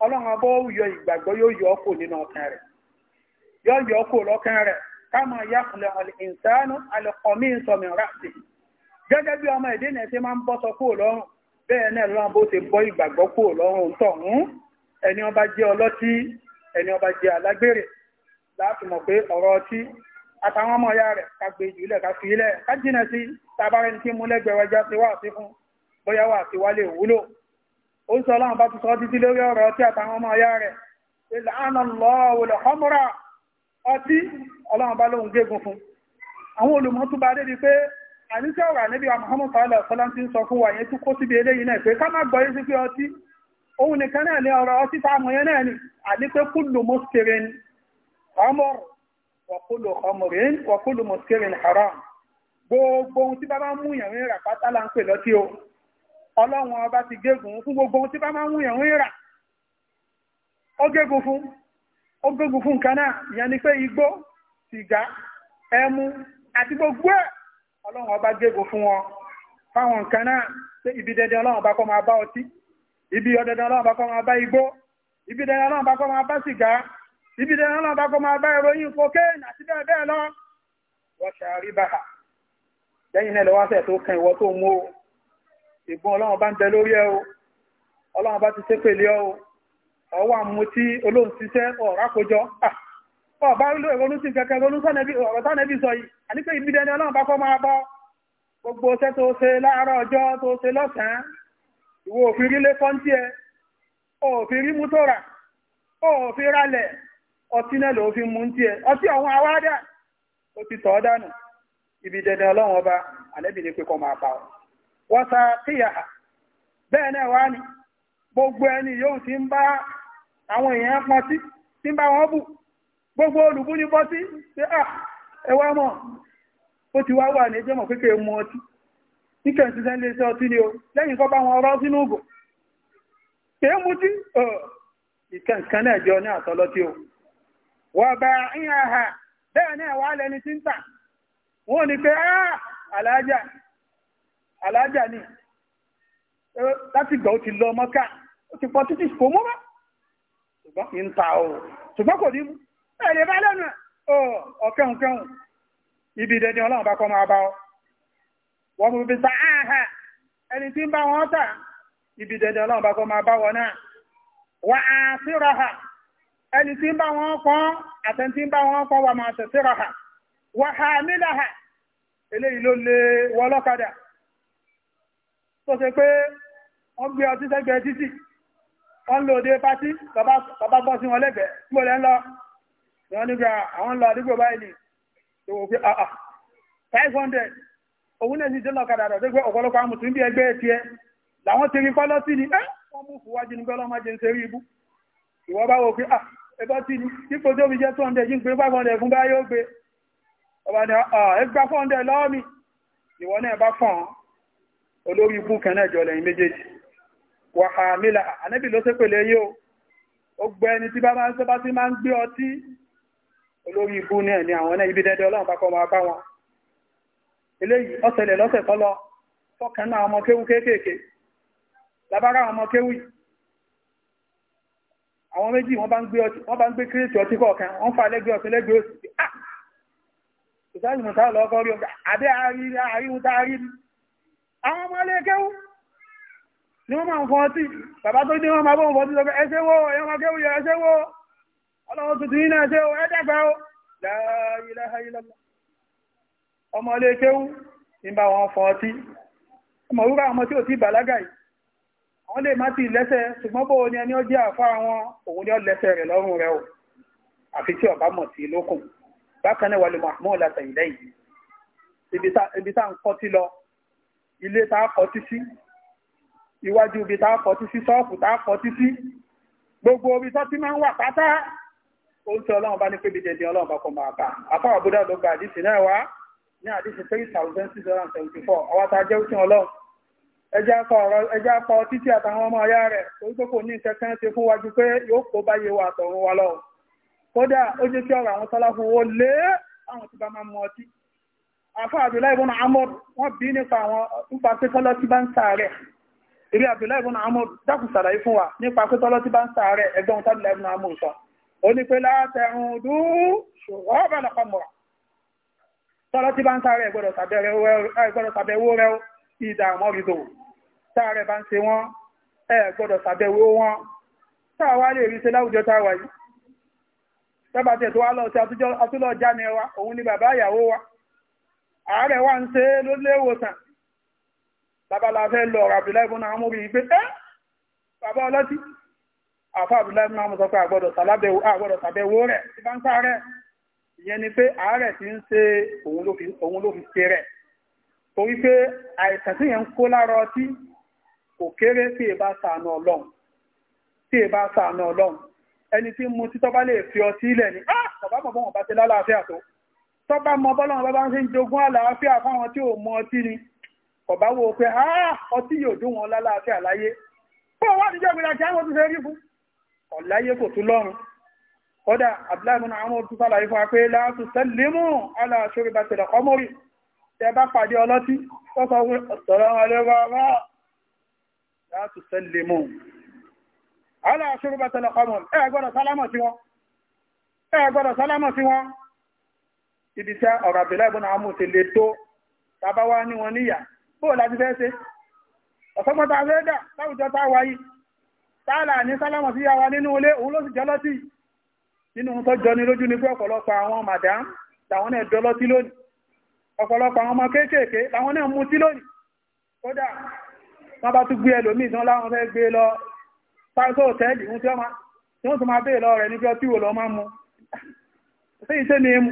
ọlọ́run abọ́ yọ ìgbàgbọ́ yóò yọ ọ́kò nínú ọkàn rẹ̀ yóò yọ ọ́kò lọ́kàn rẹ̀ káàmọ̀ yàkùnlẹ̀ ìsánú alẹ́kọ̀mí ìsọmì ráàsì gẹ́gẹ́ bí ọmọ ìdí náà ṣe máa ń bọ́sọ kúrò lọ́rùn bẹ́ẹ̀ náà lọ́run bó ṣe bọ́ ìgbàgbọ́ kúrò lọ́rùn tọ̀hún ẹni ó bá jẹ́ ọlọ́tí ẹni ó jẹ́ alágbèrè láti mọ̀ pé ọ̀rọ̀ ọtí àtàwọn ọmọ ya rẹ̀ ká gbé jùlẹ̀ ká fi ilẹ̀ ká jìnà sí tabarẹni tí mú lẹ́gbẹ̀ẹ́ wájá ti sí fún bóyá wà sí wálé òwúlò ó sọ ọlọ́run bá ti sọ títí lórí ọ̀rọ̀ ọtí àtàwọn ọmọ ọyá rẹ̀ ìlànà lọ́wọ́lẹ̀ ọmọrà ọtí ọlọ́run bá lóhun gégùn fún àwọn olùmọ̀ tún bá dé di pé àníṣẹ́ ọ̀rọ̀ níbi Muhammad sọ́lá sọ́lá ti ń sọ fún wa yẹn tún kó síbi eléyìí náà pé ká má gbọ́ sí pé ọtí òun nìkan ọlọ́run ọba ti gégùn fún gbogbo ohun tí bá máa ń wúyàn ń rà ó gégùn fún ó gégùn fún nǹkan náà ìyẹn ni pé igbó sìgá ẹmu àti gbogbo ọlọ́run ọba gégùn fún wọn fáwọn nǹkan náà pé ibi dandan ọlọ́run ọba kọ́ máa bá ọtí ibi dandan ọlọ́run ọba kọ́ máa bá igbó ibi dandan ọlọ́run ọba kọ́ máa bá sìgá ibi dandan ọlọ́run ọba kọ́ máa lọ ìgbọ́n ọlọ́run bá ń bẹ lórí ẹ o ọlọ́run bá ti sépèlé ọ o ọwọ́ àmú tí olóhùn ṣiṣẹ́ ọ̀rá ọba ronú sí kẹkẹ ronú ọ̀rọ̀ sánẹ́bí sọ yìí àníkè ìbídẹ́ ni ọlọ́run bá kọ́ máa bọ́ gbogbo tó ṣe láàárọ̀ ọjọ́ tó ṣe lọ́sàn-án ìwọ òfin rí lé fọ́ńtì ẹ òfin rí mú òfin ralẹ̀ ọtí náà ló fi mú ti tọ́ dànù ọba àlẹ́bí ni pé kọ́ máa wọ́sà bẹ́ẹ̀ náà wá ní gbogbo ẹni yóò ti ń bá àwọn èèyàn pọn sí tí ń bá wọn bù gbogbo olùbú ní bọ́ sí pé à ah, ẹwà mọ̀ ó ti wá wà ní ẹjọ́ mọ̀ kékeré ọtí ní kẹ̀ǹtìsẹ́ ọtí ni lẹ́yìn kọ́ bá wọn rọ́ sínú ògò mú tí náà jọ ní o wọ́n bá ń bẹ́ẹ̀ náà wá lẹni tí ń tà wọ́n pé ah, alájà ni láti gbà ó ti lọ mọ́ká ó ti pọ̀ títí kò mú bá ṣùgbọ́n kì í ta o ṣùgbọ́n kò ní mú ẹ̀rẹ̀ bá lẹ́nu ọ̀ ọ̀kẹ́hùn kẹ́hùn ibi ìdẹ́ni ọlọ́run bá kọ́ máa bá ọ wọ́n mú bí sáà ẹni tí ń bá wọn tà ibi ìdẹ́ni ọlọ́run bá kọ́ máa bá wọn náà wà á síra ha ẹni tí ń bá wọn kọ́ àtẹ̀ntí ń bá wọn kọ́ wà máa tẹ̀ síra wà á mílà ha eléyìí ló lé wọlọ́kadà tó ṣe pé wọ́n gbé ọtí sẹ́gbẹ̀ẹ́ títì wọ́n lò dé pátí bàbá bọ́ sí wọn lẹ́gbẹ̀ẹ́ tí mo lẹ́ ń lọ wọ́n nígbà àwọn lọ àdúgbò báyìí ni tó wò pé àà ah, 500 ah, òun náà sì jẹ́ lọ́kadà rẹ̀ pé ọ̀pọ̀lọpọ̀ àwọn mùsùlùmí ẹgbẹ́ ti ẹ làwọn ti rí kọ́lọ́ sí ni eh, wọ́n mú fúwájú ní gbọ́lọ́mọ́ jẹ́ ń ṣe rí ibú ìwọ bá wò pé à ah, ẹbọ́ tí ni dípò tó fi jẹ́ 200 yìí ń pé 500 fún báyọ̀ gbé ọba ni ẹgbà 400 lọ́wọ́ mi ìwọ náà bá fọ̀n olórí ibú kan náà jọlẹ̀ yìí méjèèjì wà hàmílà ànábì ló sépèlé yóò ó gbẹ ẹni tí bá máa ń sọ́bá sí máa ń gbé ọtí olórí ibú náà ni àwọn náà ibi dẹ́dẹ́ ọlọ́run bá kọ́ máa bá wọn eléyìí ọ̀sẹ̀lẹ̀ lọ́sẹ̀ tó lọ fọ́kàn náà ọmọ kéwú kéékèèké labára ọmọ kéwú àwọn méjì wọ́n bá ń gbé kírètì ọtí kọ̀ọ̀kan wọ́n fà lẹ́gbẹ̀ẹ́ ọ̀sẹ̀ lẹ́gbẹ̀ẹ́ òsì ìsáàlùmùtà ah! lọ́kọ́ rí ọgbà àbẹ́ àárí àárí àwọn ọmọ ilé kéwú ni wọ́n máa ń fọ́n tí bàbá tó ní wọ́n máa bọ́ fọ́n tí lọ́gbẹ́ ẹsẹ́ wó ẹ̀yọ́ máa kéwú yẹ ẹsẹ́ wó ọlọ́run tuntun yìí náà ẹsẹ́ wó ẹ̀dẹ́gbẹ́ ó la ilaha illallah ọmọ ilé kéwú ní bá wọn fọ́n tí ọmọ wúrà ọmọ tí ò tí bàlágà yìí àwọn lè má ti lẹ́sẹ̀ ṣùgbọ́n bó ni ẹni ó jẹ́ àfa wọn òun ni ó lẹ́sẹ̀ rẹ̀ lọ́rùn rẹ̀ o àfi tí ọba mọ̀ sí lókun bákan náà wà lè mọ̀ àmọ́ ọ̀la tẹ̀yìn ibi tá ń kọ́ sí lọ ilé tá a kọ́ títí iwájú ibi tá a kọ́ títí ṣọ́ọ̀fù tá a kọ́ títí gbogbo omi tó ti máa ń wà pátá ó ń sọ ọlọ́run bá ní pé bíi dẹ̀dẹ̀ ọlọ́run bá kọ́ máa bà àpá àbúdá ló gba àdìsí náà wá ní àdìsí three thousand six hundred and seventy four ọwọ́ tá a jẹ́ òsín ọlọ́run ẹjẹ́ akọ títí àtàwọn ọmọ ọ̀yá rẹ̀ torí pé kò ní nǹkan kan ṣe fún wájú pé yóò kó báyé wa àtọ̀run wa lọ kódà ó jẹ́ kí ọ̀rọ̀ àwọn sọ́lá fún owó lé àwọn tí bá máa mú ọtí àfá Abdullahi ibn Amr wọ́n bí nípa àwọn nípa pé tọ́lọ́ tí bá ń sàárẹ̀ eré Abdullahi ibn Amr dákùn sàlàyé fún wa nípa pé tọ́lọ́ tí bá ń sàárẹ̀ ẹgbọ́n tábìlá ibn Amr sọ ó ní pé látẹ̀rùn dú ṣùgbọ́n ọ̀bà lọ́kọ̀ mọ̀ràn tọ́lọ́ tí bá ń sàárẹ̀ ẹgbọ́dọ̀ sàbẹ̀wò rẹ̀ ìdà àwọn ìdò sáàrẹ̀ bá ń ṣe wọ́n ẹ gbọ́dọ̀ sàbẹ̀wò wọn sáàwá lè rí ṣe láwùjọ táwà yìí tọ́bàtẹ̀ tó wá lọ ààrẹ wà ń ṣe lólé ìwòsàn babalá fẹ́ lọ ọ̀rọ̀ Abdullahi ibn Amr rí pé ẹ́ bàbá ọlọ́tí àfọ́ Abdullahi ibn Amr sọ pé àgbọ̀dọ̀ sàbẹ̀wò rẹ̀ ti bá ń sáré ìyẹn ni pé ààrẹ ti ń ṣe òun ló fi ṣe rẹ̀ torí pé àìsàn tí yẹn ń kó lára ọtí kò kéré tí èbá sàánú ọlọ́run tí èbá sàánú ọlọ́run ẹni tí mu títọ́ bá lè fi ọtí ilẹ̀ ni ah bàbá mọ̀ bọ́n bá tó bá mọ bọ́lọ́run bàbá ń ṣe ń jogún àlàáfíà fáwọn tí ò mọ ọtí ni ọ̀bá wo pé ọtí yóò dún wọn lálàáfíà láyé fún ọwọ́ àtijọ́ ìgbìlá kí àwọn tún ṣe rí fún ọ̀láyé kò tún lọ́run kódà abdullahi àwọn òtún sàlàyé fún wa pé láàtú sẹ́lẹ̀mù aláṣọ́rí bá tẹ̀lẹ̀ ọmọrí tẹ bá pàdé ọlọ́tí tó sọ pé ọ̀sọ̀rọ̀ alẹ́wà rà láàtú ibi tí ọ̀rọ̀ àbẹ̀lá ìbọn àwọn mọ̀tẹ̀ lè tó tàbá wá ní wọn níyà bóò láti fẹ́ ṣe ọ̀sọ́gbọ́ta fẹ́dà láwùjọ tá wá yìí tààlà ní sálámọ̀ sí yàwá nínú ilé òun ló sì jọlọ́tì nínú ohun tó jọni lójú ni pé ọ̀pọ̀lọpọ̀ àwọn màdám làwọn náà dọlọ́tì lónìí ọ̀pọ̀lọpọ̀ àwọn ọmọ kéékèèké làwọn náà mutí lónìí kódà wọn bá tún gbé ẹlòmíì tán láwọn fẹ́ gbé lọ pàṣẹ òtẹ́ẹ̀lì ohun tí wọ́n máa béè lọ rẹ̀ níbi ọtí wò lọ máa mu ṣé ìṣe ni mu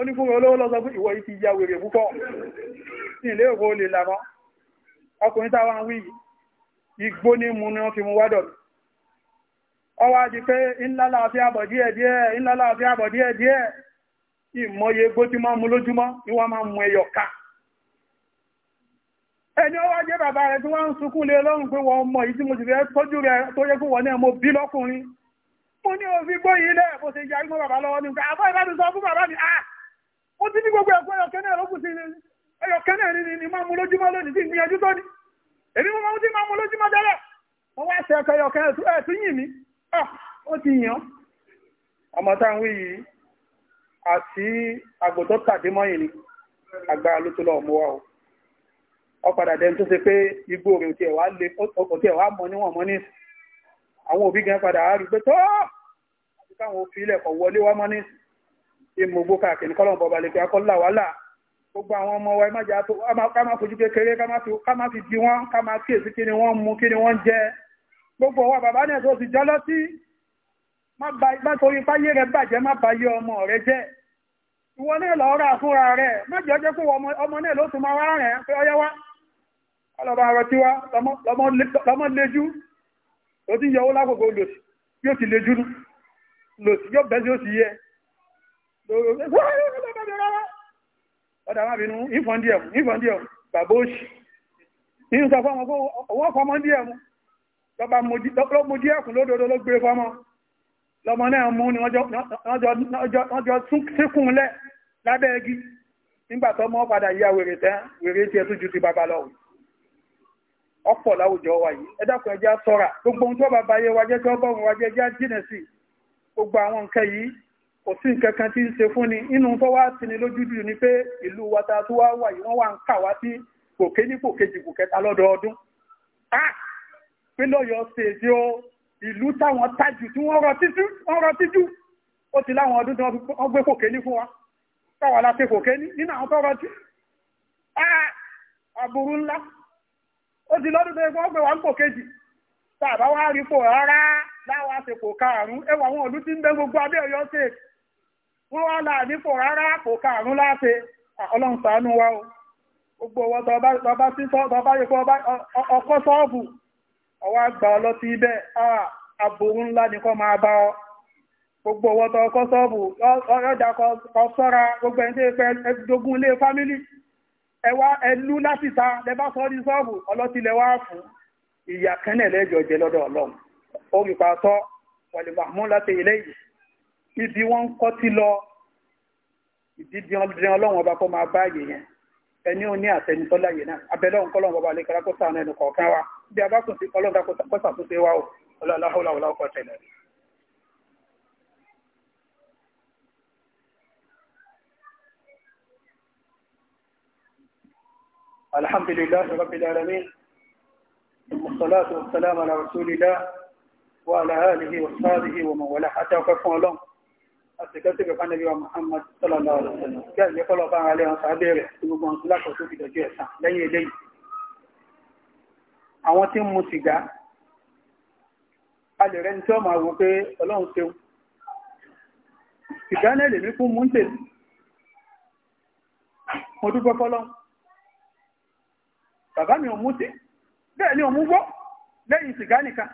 ó ní fúnmi olówó lọ́sọ fún ìwọ yìí ti ya wèrè púpọ̀ ní ilé òkú olè làmọ́ ọkùnrin táwa ń wí igbó ní mu ni wọ́n fi mu wádọ̀ ọwọ́ àti pé ńlá láàfin àbọ̀ díẹ̀ díẹ̀ ńlá láàfin àbọ̀ díẹ̀ díẹ̀ ìmọye igbó tí máa mu lójúmọ́ ni wọ́n máa mu ẹyọ ká ẹni ọwọ́ ajé bàbá rẹ̀ tí wọ́n ń sunkún lé lọ́rùn pé wọ́n mọ̀ yìí tí mo sì fẹ́ tọ́jú rẹ̀ tó yẹ kó wọ́n náà mo bí lọ́kùnrin mo ní òfin gbóyìn ilẹ̀ bó ṣe yarí mọ́ bàbá lọ́wọ́ ní nǹkan àbọ̀ ìbá mi sọ fún bàbá mi ah ó ti ní gbogbo ẹ̀kọ́ ẹyọkẹ́ náà lókùn sí ẹyọkẹ́ náà ní ni máa mú lójúmọ́ lónìí sí ìgbìyànjú tó ní èmi mo máa ma tí máa mú lójúmọ́ tẹ́lẹ̀ wọ́n wá ṣe ẹ̀kọ́ ẹyọkẹ́ ẹ̀ tún yìn mí ah, ó ti yàn ọmọ tá ń wí yìí àti o ọ̀padà dẹni tó ṣe pé igbó rẹ̀ òtí ẹ̀wà mọ́ níwọ̀n mọ́ ní àwọn òbí gan padà á rí pé tó àti tí mo gbó káàkiri kọ́lọ́n bọ̀bà lè fi akọ́lá wàhálà gbogbo àwọn ọmọ wa má jà tó ká má fojú kékeré ká má fi di wọn ká má kíyèsí kí ni wọ́n mu kí ni wọ́n jẹ gbogbo wa bàbá náà tó ti jọ́lọ́ sí má torí fáyé rẹ bàjẹ́ má bá yé ọmọ rẹ jẹ́ ìwọ náà lọ rà fúnra rẹ má jẹ́ ọjọ́ pé ọmọ náà ló tún máa wá rẹ̀ pé ọyá wá ọlọ́ba ọ̀rọ̀ tí wá lọ́mọ léjú ó yọ owó lágbègbè lòsì yóò ti léjú lòsì yóò bẹ́ẹ̀ sí ó ti yẹ ọ̀dà máa bínú ìfọ̀n díẹ̀ mú ìfọ̀n díẹ̀ mú bàbá òṣì nínú sọ fọ́mọ pé owó fọmọ díẹ̀ mú lọ́ba mo díẹ̀ kù lódodo ló gbé fọmọ lọmọ náà mú ni wọ́n jọ síkùn lẹ̀ lábẹ́ igi nígbà tó mọ́ padà yí àwèrè tán wèrè tiẹ̀ tó ju ti bàbá lọ ọ̀pọ̀ láwùjọ wa yìí ẹ dákun ẹjẹ́ sọ́ra gbogbo ohun tó bàbá yẹ wájẹ́ tó bọ̀rùn wájẹ́ jẹ́ jìnà sí gbogbo àwọn nǹkan yìí kò sí nǹkan kan tí ń ṣe fún ni inú tó wá sí lójú jù ni pé ìlú wa ta tó wá wà yìí wọ́n wà ń kà wá sí kòkè ní kòkè jìkù kẹta lọ́dọọdún pé lọ́yọ̀ ṣèṣe o ìlú táwọn tájù tí wọ́n rọ tíjú ó ti láwọn ọdún tí wọ́n gbé kòkè ní fún wa táwọn aláṣẹ kòkè ní nínú àwọn tọrọ tí aburú ńlá ó ti lọ́dún tó yẹ kó gbé wa ń kòkè jì tàbá wá rí fò rárá láwọn àṣepò karùn ẹwà àwọn ìlú tí ń bẹ gbogbo abẹ́ ọ̀yọ́ ṣèṣe wọ́n wá láà nípò rárá kò kààrún láti ọlọ́run ṣàánú wa o gbogbo ọwọ́ tọba sí tọba yẹ ọkọ́ sọ́ọ̀bù ọwọ́ àgbà ọlọ́tí ibẹ̀ àbòrún ńlá nìkan bá ọ gbogbo ọwọ́ tọ sọ́ọ̀bù kọ sọ́ra gbogbo ibi wọ́n ń kọ́ tí lọ ìdíje ọlọ́run ọba kó máa bá àyè yẹn ẹni ò ní àtẹnitọ́ láyè náà abẹ́lẹ́ òun kọ́lọ́run bọ́ba lè kára kó sàánú ẹnu kọ̀ọ̀kan wa bí a bá kùn sí ọlọ́run kó ṣàtúnṣe wa o ọlọ́láhùláhùlá ọkọ̀ tẹ̀lẹ̀. alhamdulillah rabbil alamin wassalatu wassalamu ala rasulillah wa ala alihi wa sahbihi wa man wala hatta kafun ọlọ́run àtìkẹ́sìkẹ́ fánàbí wa Muhammad sallallahu alaihi wasallam kí àjẹ́ kọ́lọ̀ bá ara lẹ́wọ̀n sábẹ́ rẹ̀ tí gbogbo ọ̀sùn lápọ̀ tó fi dọ̀jú ẹ̀sán lẹ́yìn eléyìí àwọn tí ń mu sìgá a lè rẹni tí ó máa wo pé ọlọ́run ṣeun sìgá náà lèmi fún mú ń tèmi mo dúpẹ́ fọ́lọ́run bàbá mi ò mú sí bẹ́ẹ̀ ni ò mú gbọ́ lẹ́yìn sìgá nìkan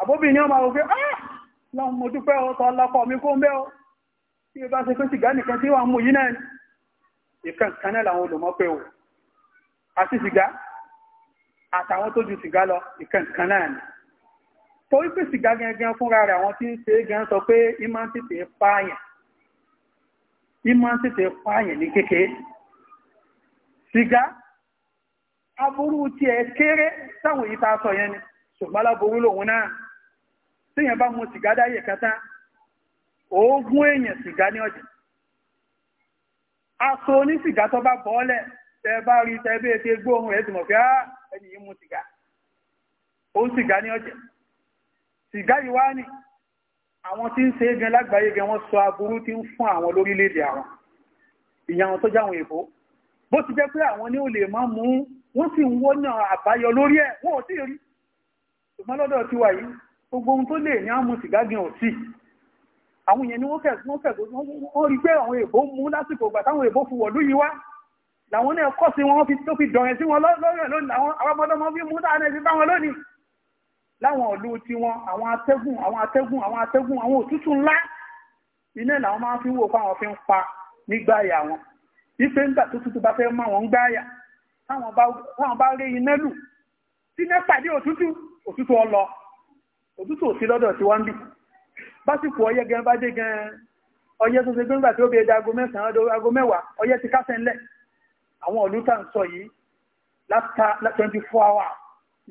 àbóbí ni ó máa wo pé áá ah, lọ́n mo dúpẹ́ o tọ́ lọ́kọ̀ mi kó ń bẹ́ o tí o bá ṣe pé sìgá nìkan tí wà ń mú yí náà ìkan kanáà làwọn olùmọ̀ pé o àti sìgá àtàwọn tó ju sìgá lọ ìkan kanáà ni torí pé sìgá gẹ́gẹ́ fúnra rẹ̀ àwọn tí ń ṣe é gan sọ pé ìmọ̀ ń tètè pààyàn ìmọ̀ ń tètè pààyàn ní kékeré sìgá aburú tiẹ̀ kéré sáwọn èyí tá a sọ yẹn ni ṣùgbọ́n aláboró lòun náà téèyàn bá mu sìgá dáyè kátá oògùn èèyàn sìgá ní ọjà aṣọ onísìgá tó bá bọ́ọ̀lẹ̀ tẹ bá rí tẹbí ètè gbóhùn ẹ̀ tìmọ̀ pé á ẹni yìí mu sìgá ó ń sìgá ní ọjà sìgá yìí wá ní àwọn tí ń ṣe é gan lágbàáyé gan wọ́n sọ aburú tí ń fún àwọn lórílẹ̀-èdè àwọn ìyàwó tó jáwọn èbó bó ti jẹ́ pé àwọn ní ó lè máa mú wọ́n sì ń wọ́nà àbáyọ lórí ẹ̀ wọ́n ò tí ì rí ṣùgbọ́n lọ́dọ̀ tiwa yìí gbogbo ohun tó lè ní àmú sìgágin ọ̀tí àwọn èèyàn ni wọ́n fẹ̀gbọ́n wọ́n rí pé àwọn èèbó mú lásìkò ìgbà táwọn èèbó fi wọ̀lú yìí wá làwọn náà kọ́ sí wọn tó fi dọ̀rẹ̀ sí wọn lọ́rẹ̀ lónìí àwọn ọmọdọ́mọ fi mú láàrin ẹ̀sìn báwọn lónìí láwọn ìlú ti wọn àwọn atẹ́gùn àwọn atẹ́gùn àwọn atẹ́gùn àwọn òtútù ńlá iná làwọn máa fi ń wò fáwọn fi ń pa nígbàyà wọn wípé ńgbà tó tútù bá fẹ́ mọ àwọn gbàyà táwọn bá rí iná lù tí iná pàdé òtútù òtútù ọlọ́ọ̀ òtútù òsí lọ́dọ̀ tí wọ́n ń bì básìkò ọyẹ́ gan bá dé gan ọyẹ́ tó ṣe gbé nígbà tí ó bèèrè aago mẹ́sàn-án ọdọ aago mẹ́wàá ọyẹ́ ti kásẹ̀ ńlẹ̀ àwọn ọ̀lú tá ń sọ yìí láta twenty four hours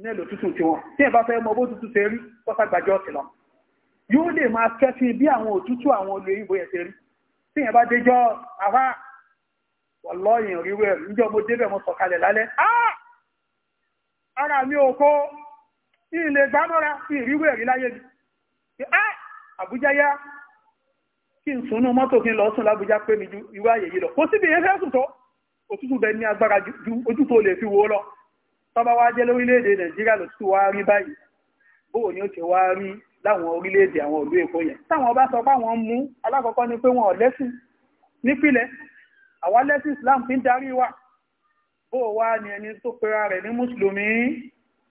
ní èlò tútù tí wọn tí ẹ bá fẹ́ mọ bó tútù ṣe rí kọ́sàgbàjọ́ ọ̀sẹ̀ lọ yóò lè máa kẹ́sí bí àwọn òtútù àwọn olè ìbò yẹn ṣe rí tí ẹ bá déjọ́ àwa wọ̀lọ́yìn ríwẹ̀ níjọ́ mo débẹ̀ mo sọ̀kalẹ̀ lálẹ́ ara mi ò kó ní ilé gbámọ́ra ní ìríwé ẹ̀rí láyé mi pé ẹ́ àbújá yá kí n sùn ní mọ́tò kí n lọ sùn lábújá pé mi ju irú àyè yìí lọ kò síbi yẹn fẹ́ sùn tó òtútù bẹ ní agbára ju ojú tó lè fi wo lọ tọ́ba wá jẹ́ lórílẹ̀-èdè nàìjíríà lòtútù wá rí báyìí bóò ni ó ti wá rí láwọn orílẹ̀-èdè àwọn ìlú èkó yẹn táwọn bá sọ fáwọn mú alákọ̀ọ́kọ́ ni pé wọn ò lẹ́sìn nípìnlẹ̀ àwa lẹ́sìn islam fi ń darí wa bóò wá ni ẹni tó pera rẹ̀ ní mùsùlùmí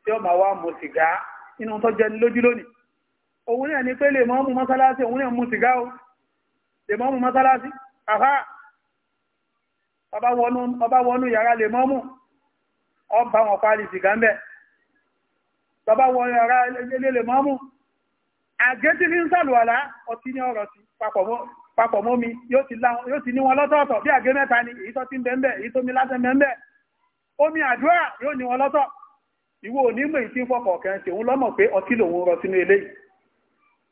tí ó máa wá mu sìgá inú tó jẹ lójú lónìí òun náà ni pé lè mọ́ mu mọ́sálásí òun náà mu sìgá o lè mọ́ mu mọ́sálásí àfá ọba wọnú yàrá lè mọ́ mu ọba wọn parí sìgá ń bẹ̀ bàbá wọ yàrá ilé lè mọ́ mu àgẹ́tí ní sàlùwàlá ọtí ní ọ̀rọ̀ sí papọ̀ mọ́ mi yóò ti ní wọn lọ́tọ̀ọ̀tọ̀ bí àgẹ́ mẹ́ta ni èyí tó ti ń bẹ́ẹ̀ èyí tó mi lásẹ̀ mẹ́ẹ̀ omi àdúrà yóò ní wọn lọ́tọ̀ọ̀ ìwọ onímọ̀ ìtí ń fọ́kọ̀ kẹ́ ṣe òun lọ́mọ̀ pé ọtí lòun rọ sínú ilé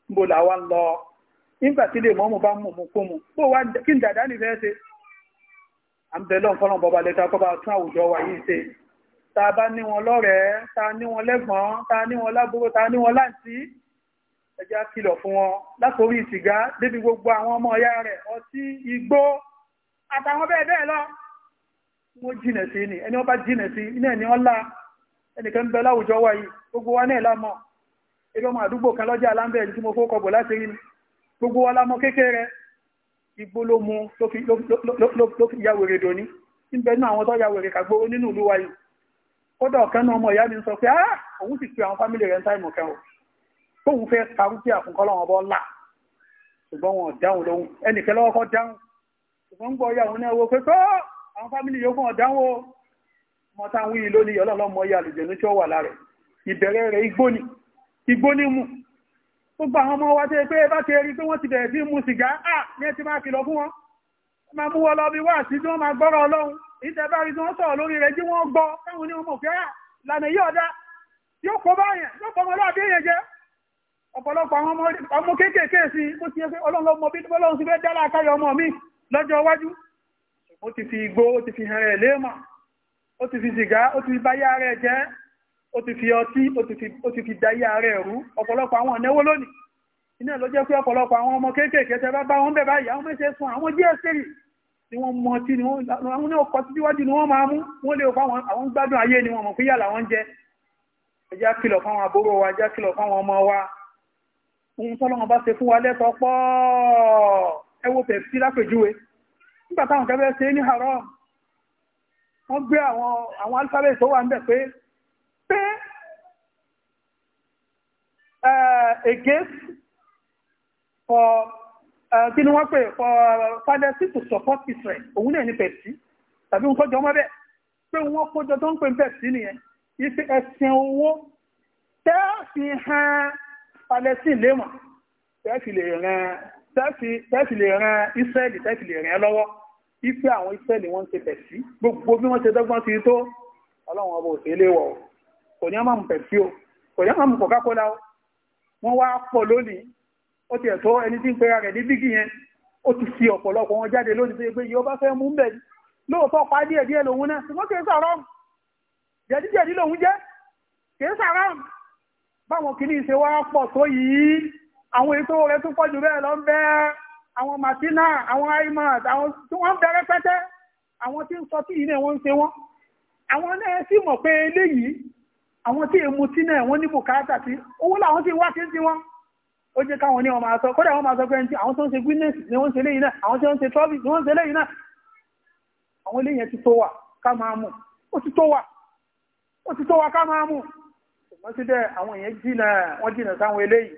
ìbò làwa ń lọ nígbà tí lè mọ́mú bá mú mú kó mu bó wá kí n dàdá ní fẹ́ ṣe àbẹ̀lọ́ fọ́nà bọ́ba lẹ́ta kọ́ba tún àwùjọ wa yìí ṣe ta bá ní wọn lọ́rẹ̀ẹ́ ta ní wọn lẹ́gbọ̀n ta ní wọn lábúrò ta ní wọn láǹtí ẹja kìlọ̀ fún wọn látòrí sìgá débi gbogbo àwọn ọmọ ọ̀yá rẹ̀ ọtí igbó àtàwọn bẹ́ẹ̀ bẹ́ẹ̀ lọ wọ́n jìnà sí ni ẹni wọ́n bá jìnà sí iná ẹni wọ́n lá ẹnìkan bẹ láwùjọ wà yìí gbogbo wa náà lámọ̀ ebi ọmọ àdúgbò kan lọ́jà alámbẹ̀ ní tí mo fókọ̀ bọ̀ láti rí ni gbogbo wa lámọ̀ kékeré igbó ló mu ló fi yàwèrè dòní ń bẹ nínú àwọn tó yàwèrè kàgbó nínú ìlú wa yìí kódà ọ̀kan náà ọmọ ìyá mi sọ pé á òun sì fi àwọn fámìlì rẹ̀ ń táìmù kan tóun fẹ́ parú sí àfúnkọ́ lọ́wọ́ bọ́ là ṣùgbọ́n wọn dáhùn lóhùn ẹnìkan lọ́wọ́ kọ́ dáhùn ṣùgbọ́n ń gbọ́ ìyá náà wo pé tó àwọn fámìlì yóò fún ọ o mọta táwọn yìí lónìí ọlọ́lọ́mọ yà lùjẹ̀nú tí ó wà ìbẹ̀rẹ̀ rẹ̀ ni igbó mú gbogbo àwọn ọmọ wa tẹ́ pé bá ti rí pé wọ́n ti sí mu sìgá à ní ẹ máa fún wọn máa mú wọn lọ bí wá sí tí wọ́n máa gbọ́rọ̀ ọlọ́run ìtẹ̀bá rí tí wọ́n sọ̀rọ̀ lórí rẹ̀ jí wọ́n gbọ́ ní ọmọ òkèrà lànà yí ọ̀dá yóò kó yẹn yóò ọmọ lọ́ọ̀dé yẹn jẹ́ ọ̀pọ̀lọpọ̀ àwọn ọmọ kéékèèké sí bó ti yẹ pé ọlọ́run bí ti fẹ́ dá ọmọ mi lọ́jọ́ iwájú ó ti fi igbó ó ti fi ó ti fi sìgá ó ti fi báyá rẹ̀ jẹ́ ó ti fi ọtí ó ti fi dayá rẹ̀ rú ọ̀pọ̀lọpọ̀ àwọn ọ̀nẹ́wó lónìí iná ló jẹ́ pé ọ̀pọ̀lọpọ̀ àwọn ọmọ kéékèèké tẹ́ bá bá wọn bẹ̀ báyìí àwọn mẹ́sẹ̀ sun àwọn díẹ̀ sẹ́yìn tí wọ́n mọ tí ni wọ́n ní ọkọ̀ síwájú ni wọ́n máa mú wọ́n lè fáwọn àwọn gbádùn ayé ni wọ́n mọ̀ pé yàrá wọn jẹ ẹjá kìlọ̀ fáwọn àbúrò wa ẹjá kìlọ̀ fáwọn ọmọ wa ohun tọ́lọ́wọ́n bá ṣe fún wa lẹ́tọ̀ọ́ pọ̀ ẹ wo pẹ̀sí lápèjúwe nígbà táwọn kẹfẹ́ ṣe ní haram wọ́n gbé àwọn àwọn alifábẹ́ẹ̀tì tó wà ń bẹ̀ pé pé eh, against for eh, kí ni wọ́n pè for Palestine eh, to support Israel òun náà ní pẹ̀sì tàbí wọn kọjọ mọ́bẹ̀ pé wọ́n kọjọ tó ń pè pẹ̀sì nìyẹn ife ẹ̀sìn owó tẹ́ẹ̀fì hàn Palestine lémọ̀ tẹ́ẹ̀fì lè ràn Israel tẹ́ẹ̀fì lè ràn lọ́wọ́ ife àwọn israẹli wọ́n ṣe bẹ̀ sí gbogbo bí wọ́n ṣe dọ́gbọ́n sí tó ọlọ́run ọba òsè lè wọ̀ kò ní àmàmù pẹ̀sí o kò ní àmàmù kọ̀kákọ́lá o wọ́n wá pọ̀ lónìí ó ti ẹ̀tọ́ ẹni tí ń pera rẹ̀ ní bígì yẹn ó ti fi ọ̀pọ̀lọpọ̀ wọn jáde lónìí tó yẹ pé yóò bá fẹ́ mú bẹ̀ lóòótọ́ pa díẹ̀ díẹ̀ lòun náà ṣùgbọ́n kì í sọ̀rọ̀ jẹ̀díjẹ̀dí lòun jẹ́ kì í sọ̀rọ̀ báwọn kìíní ṣe wá pọ̀ tó yìí àwọn ètò rẹ̀ àwọn màsínà àwọn imat àwọn tí wọ́n ń bẹ rẹpẹtẹ àwọn tí ń sọ tí yìí náà wọ́n ń ṣe wọ́n àwọn náà sì mọ̀ pé eléyìí àwọn tí èmu tí náà wọ́n ní bùkátà sí owó làwọn tí wá sí sí wọn ó jẹ́ káwọn ní ọmọ àṣọ kódà wọ́n máa sọ pé ẹni tí àwọn tó ń ṣe guinness ni wọ́n ń ṣe léyìn náà àwọn tí wọ́n ń ṣe trọ́bì ni wọ́n ń ṣe léyìn náà àwọn eléyìn ti tó wà ká máa mú ó ti tó wà ó ti tó wà ká máa mú ṣùgbọ́n síbẹ̀ àwọn èèyàn jìnà wọ́n jìnà sáwọn eléyìí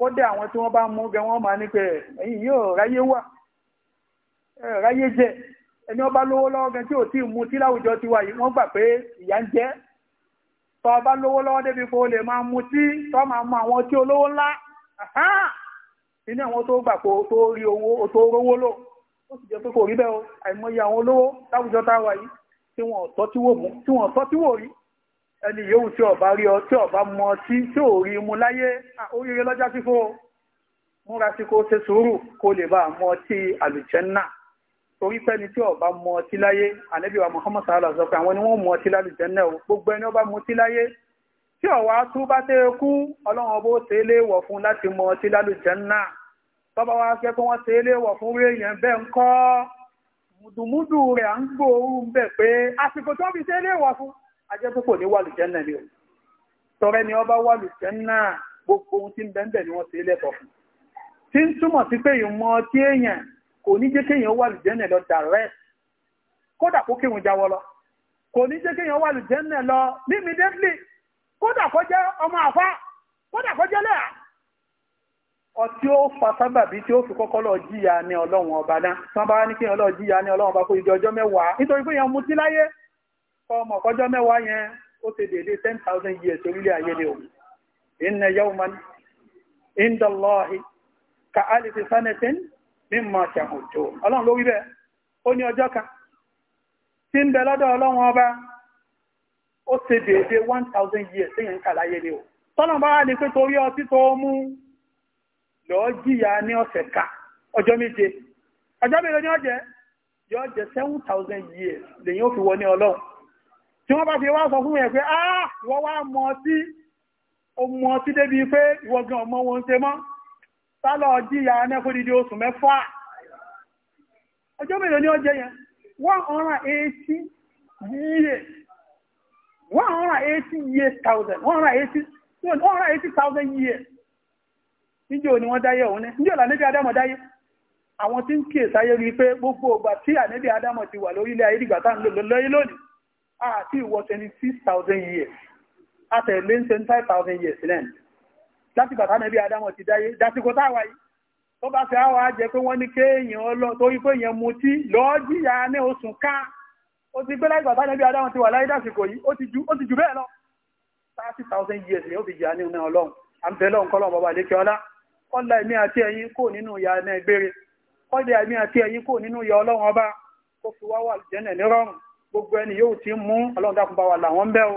kódà àwọn tí wọ́n bá mú gẹ wọ́n máa ní pé ẹ̀yìn yóò ráyé wà ráyé jẹ ẹni ọba lówó lọ́wọ́ gan tí ò tí ì mu tí láwùjọ ti wà yìí wọ́n gbà pé ìyà ń jẹ tọ́ ọba lówó lọ́wọ́ débi pé o lè máa mu tí tọ́ máa mu àwọn tí olówó ńlá nínú àwọn tó gbà pé o tó rí owó o tó rówó lò ó sì jẹ́ pé kò rí bẹ́ẹ̀ o àìmọye àwọn olówó láwùjọ tá a wà yìí tí wọ́n tọ́ tí wò rí ẹni yóò tí ọba rí ọ tí ọba mọ tí tí ò rí mu láyé oríire lọ́jà sí fún ọ múra sí kó ṣe sùúrù kó lè bá mọ tí àlùjẹ́nà torí pẹ́ni tí ọba mọ tí láyé ànábì Muhammad sallallahu alaihi wa sallam sọ pé àwọn ni wọ́n mọ tí lálùjẹ́nà o gbogbo ẹni ọba mọ tí láyé tí ọ̀wá tú bá tẹ́ kú ọlọ́run ọbọ̀ ṣe é léèwọ̀ fún láti mọ tí lálùjẹ́nà tọ́ba wa fẹ́ kí wọ́n ṣe é léèwọ̀ fún rí èèyàn bẹ́ẹ̀ ń kọ́ mùdùmúdù rẹ̀ à ń gbòòrùn bẹ̀ pé àsìkò tó fi ṣe é léèwọ̀ fún ajẹ́ púpọ̀ ní wàlùjẹ́ náà ni o tọrẹ ni ọba wàlùjẹ́ náà gbogbo ohun tí ń bẹ́ẹ̀ ni wọ́n ṣe lẹ́tọ̀ọ́ fún tí ń túmọ̀ sí pé ìmọ̀ tí èèyàn kò ní jẹ́ kéèyàn wàlùjẹ́ náà lọ direct kódà kó kéwọn jáwọ́ lọ kò ní jẹ́ kéèyàn wàlùjẹ́ náà lọ ní immediately kódà kó jẹ́ ọmọ àfa kódà kó jẹ́ lẹ́yà ọtí ó fa sábàbí tí ó fi kọ́kọ́ lọ jíya ní ọlọ́run ọba náà tí wọ́n bá ní kí ọlọ́run jíya ní ọlọ́run ọba kó ìjọ ọjọ́ mẹ́wàá nítorí pé èèyàn mutí láyé ọmọ ọkọjọ́ mẹ́wàá yẹn ó ti dèdè 10,000 years orílẹ̀ ayé ni òun inna yawman inda Allahi ka alifi sanatin mimma ta'uddu ọlọ́run ló wí bẹ́ẹ̀ ó ní ọjọ́ kan tí ń bẹ lọ́dọ̀ ọlọ́run ọba ó ti dèdè 1,000 years yẹn ní pé torí ọtí tó mú ó years tí wọ́n bá fi wá sọ fún ẹ̀ pé ah wọ́n wá mọ́ sí ọmọ sí débi pé ìwọ̀gbọ̀n ọmọ wọn ṣe mọ́ sálọ̀ jíyà anẹ́kùnrin oṣù mẹ́fà ọjọ́ mélòó ni ó jẹ yẹn 180 years 180 years thousand 180 180,000 years níjò ni wọ́n dáyé òun ní níjò lànẹ́bí adámọ̀ dáyé àwọn tí ń kíyèsáyé rí pé gbogbo ìgbà tí ànẹ́bí adámọ̀ ti wà lórílẹ̀ ayé dìgbà tá ń lò lóyé lónìí àti ah, ìwọ 26,000 years àtẹ̀lé 25,000 years náà láti bàtà nẹ́bí adámọ̀ ti dáyé dásìkò táwà yìí tó bá fẹ́ àwọ̀ ajẹ́ pé wọ́n ní kéèyàn ọlọ torí pé èèyàn mu tí lọ́ọ́jìyà ní oṣù ká ó ti gbé láti bàtà nẹ́bí adámọ̀ ti wà láyé dásìkò yìí ó ti jù bẹ́ẹ̀ lọ 30,000 years ni ó fi jìyà ní ọ̀nà ọlọ́run àbẹ̀lọ́ nǹkan lọ́wọ́ bàbá lékẹ́ ọlá kọ́lá ẹ̀mí àti ẹ̀yìn kò nínú ìyà ẹ̀nà ìgbére kọ́lá ẹ̀mí àti ẹ̀yìn kò nínú ìyà ọlọ́run ọba kó fi wá wà jẹ́nẹ̀ nírọ̀rùn gbogbo ẹni yóò ti mú ọlọ́dàkùnbáwà làwọn bẹ́ o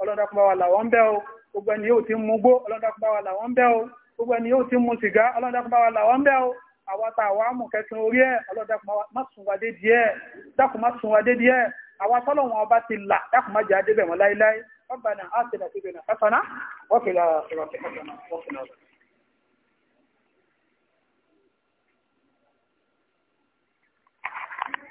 ọlọ́dàkùnbáwà làwọn bẹ́ o gbogbo ẹni yóò ti mú gbó ọlọ́dàkùnbáwà làwọn bẹ́ o gbogbo ẹni yóò ti mú sìgá ọlọ́dàkùnbáwà làwọn bẹ́ o àwa tá àwa mú kẹsàn orí ẹ ọlọ́dàkùnbáwà má sùn wá dé díẹ̀ dákun má sùn wá dé díẹ̀ àwa tọ́lọ̀wọ̀n ọba ti là dákun má jẹ́ adébẹ̀ wọn láíláí ọgbà náà